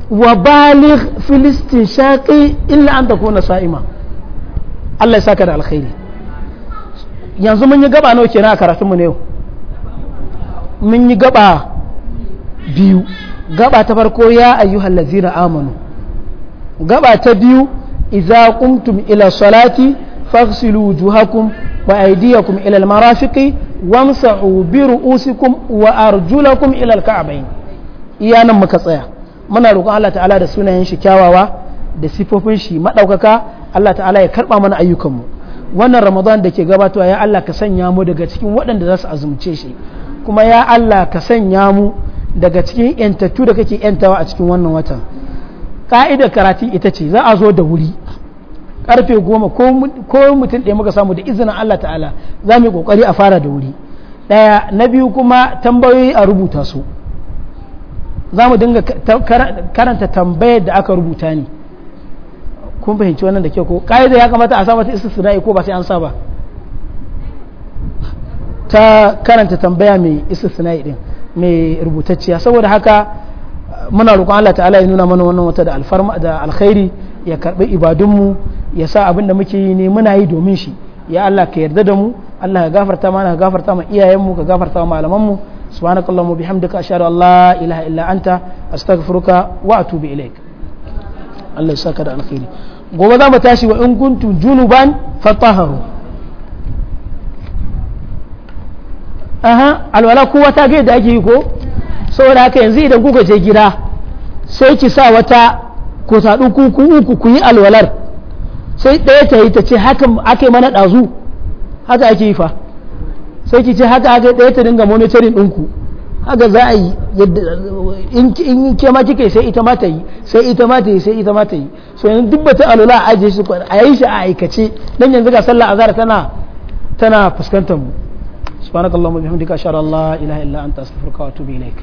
wa balik filistin shaƙi illa an na sa'ima Allah ya saka da alkhairi yanzu mun yi gaba nawa kenan a karatunmu ne yau mun yi gaba biyu gaba ta farko ya ayyuhan na amanu gaba ta biyu idza qumtum ila salati faghsilu wujuhakum wa aydiyakum ila almarafiqi wamsahu bi ru'usikum wa arjulakum ila alka'bayn iya nan muka tsaya muna roƙon Allah ta'ala da sunayen shi kyawawa da sifofin shi madaukaka Allah ta'ala ya karba mana ayyukanmu wannan ramadan da ke gabatowa ya Allah ka sanya mu daga cikin waɗanda za su azumce shi kuma ya Allah ka sanya mu daga cikin yantattu da kake yantawa a cikin wannan watan ka'idar karatu ita ce za a zo da wuri karfe goma ko mutum ɗaya muka samu da izinin Allah ta'ala za mu yi ƙoƙari a fara da wuri ɗaya na biyu kuma tambayoyi a rubuta su za mu dinga karanta tambayar da aka rubuta ne kun fahimci wannan da ke ko ka'idar ya kamata a sa isa su ko ba sai an sa ba ta karanta tambaya mai isa istisna'i din mai rubutacciya saboda haka muna roƙon Allah ta'ala ya nuna mana wannan wata da alfarma da alkhairi ya karbi ibadunmu ya sa abin da muke yi ne muna yi domin shi ya Allah ka yarda da mu Allah ka gafarta mana ka gafarta ma iyayenmu ka gafarta ma malamanmu subhanakallahumma bihamdika ashhadu an la ilaha illa anta astaghfiruka wa atubu ilaik Allah ya saka da alkhairi gobe za mu tashi wa in kuntum junuban fatahharu aha alwala kowa ta ga yadda ake yi ko saboda haka yanzu idan kuka je gida sai ki sa wata ku saɗu uku ku yi alwalar sai ɗaya ta yi ta ce haka ake mana ɗazu haka ake yi fa sai ki ce haka aka ɗaya ta dinga monitorin ɗinku haka za a yi in ke ma kika sai ita ma ta yi sai ita ma ta yi sai ita ma ta yi so yanzu duk bata alula a ajiye shi a yi shi a aikace dan yanzu ga sallah azhar tana tana fuskantar mu subhanakallahumma bihamdika ashhadu an la ilaha illa anta astaghfiruka wa atubu ilaik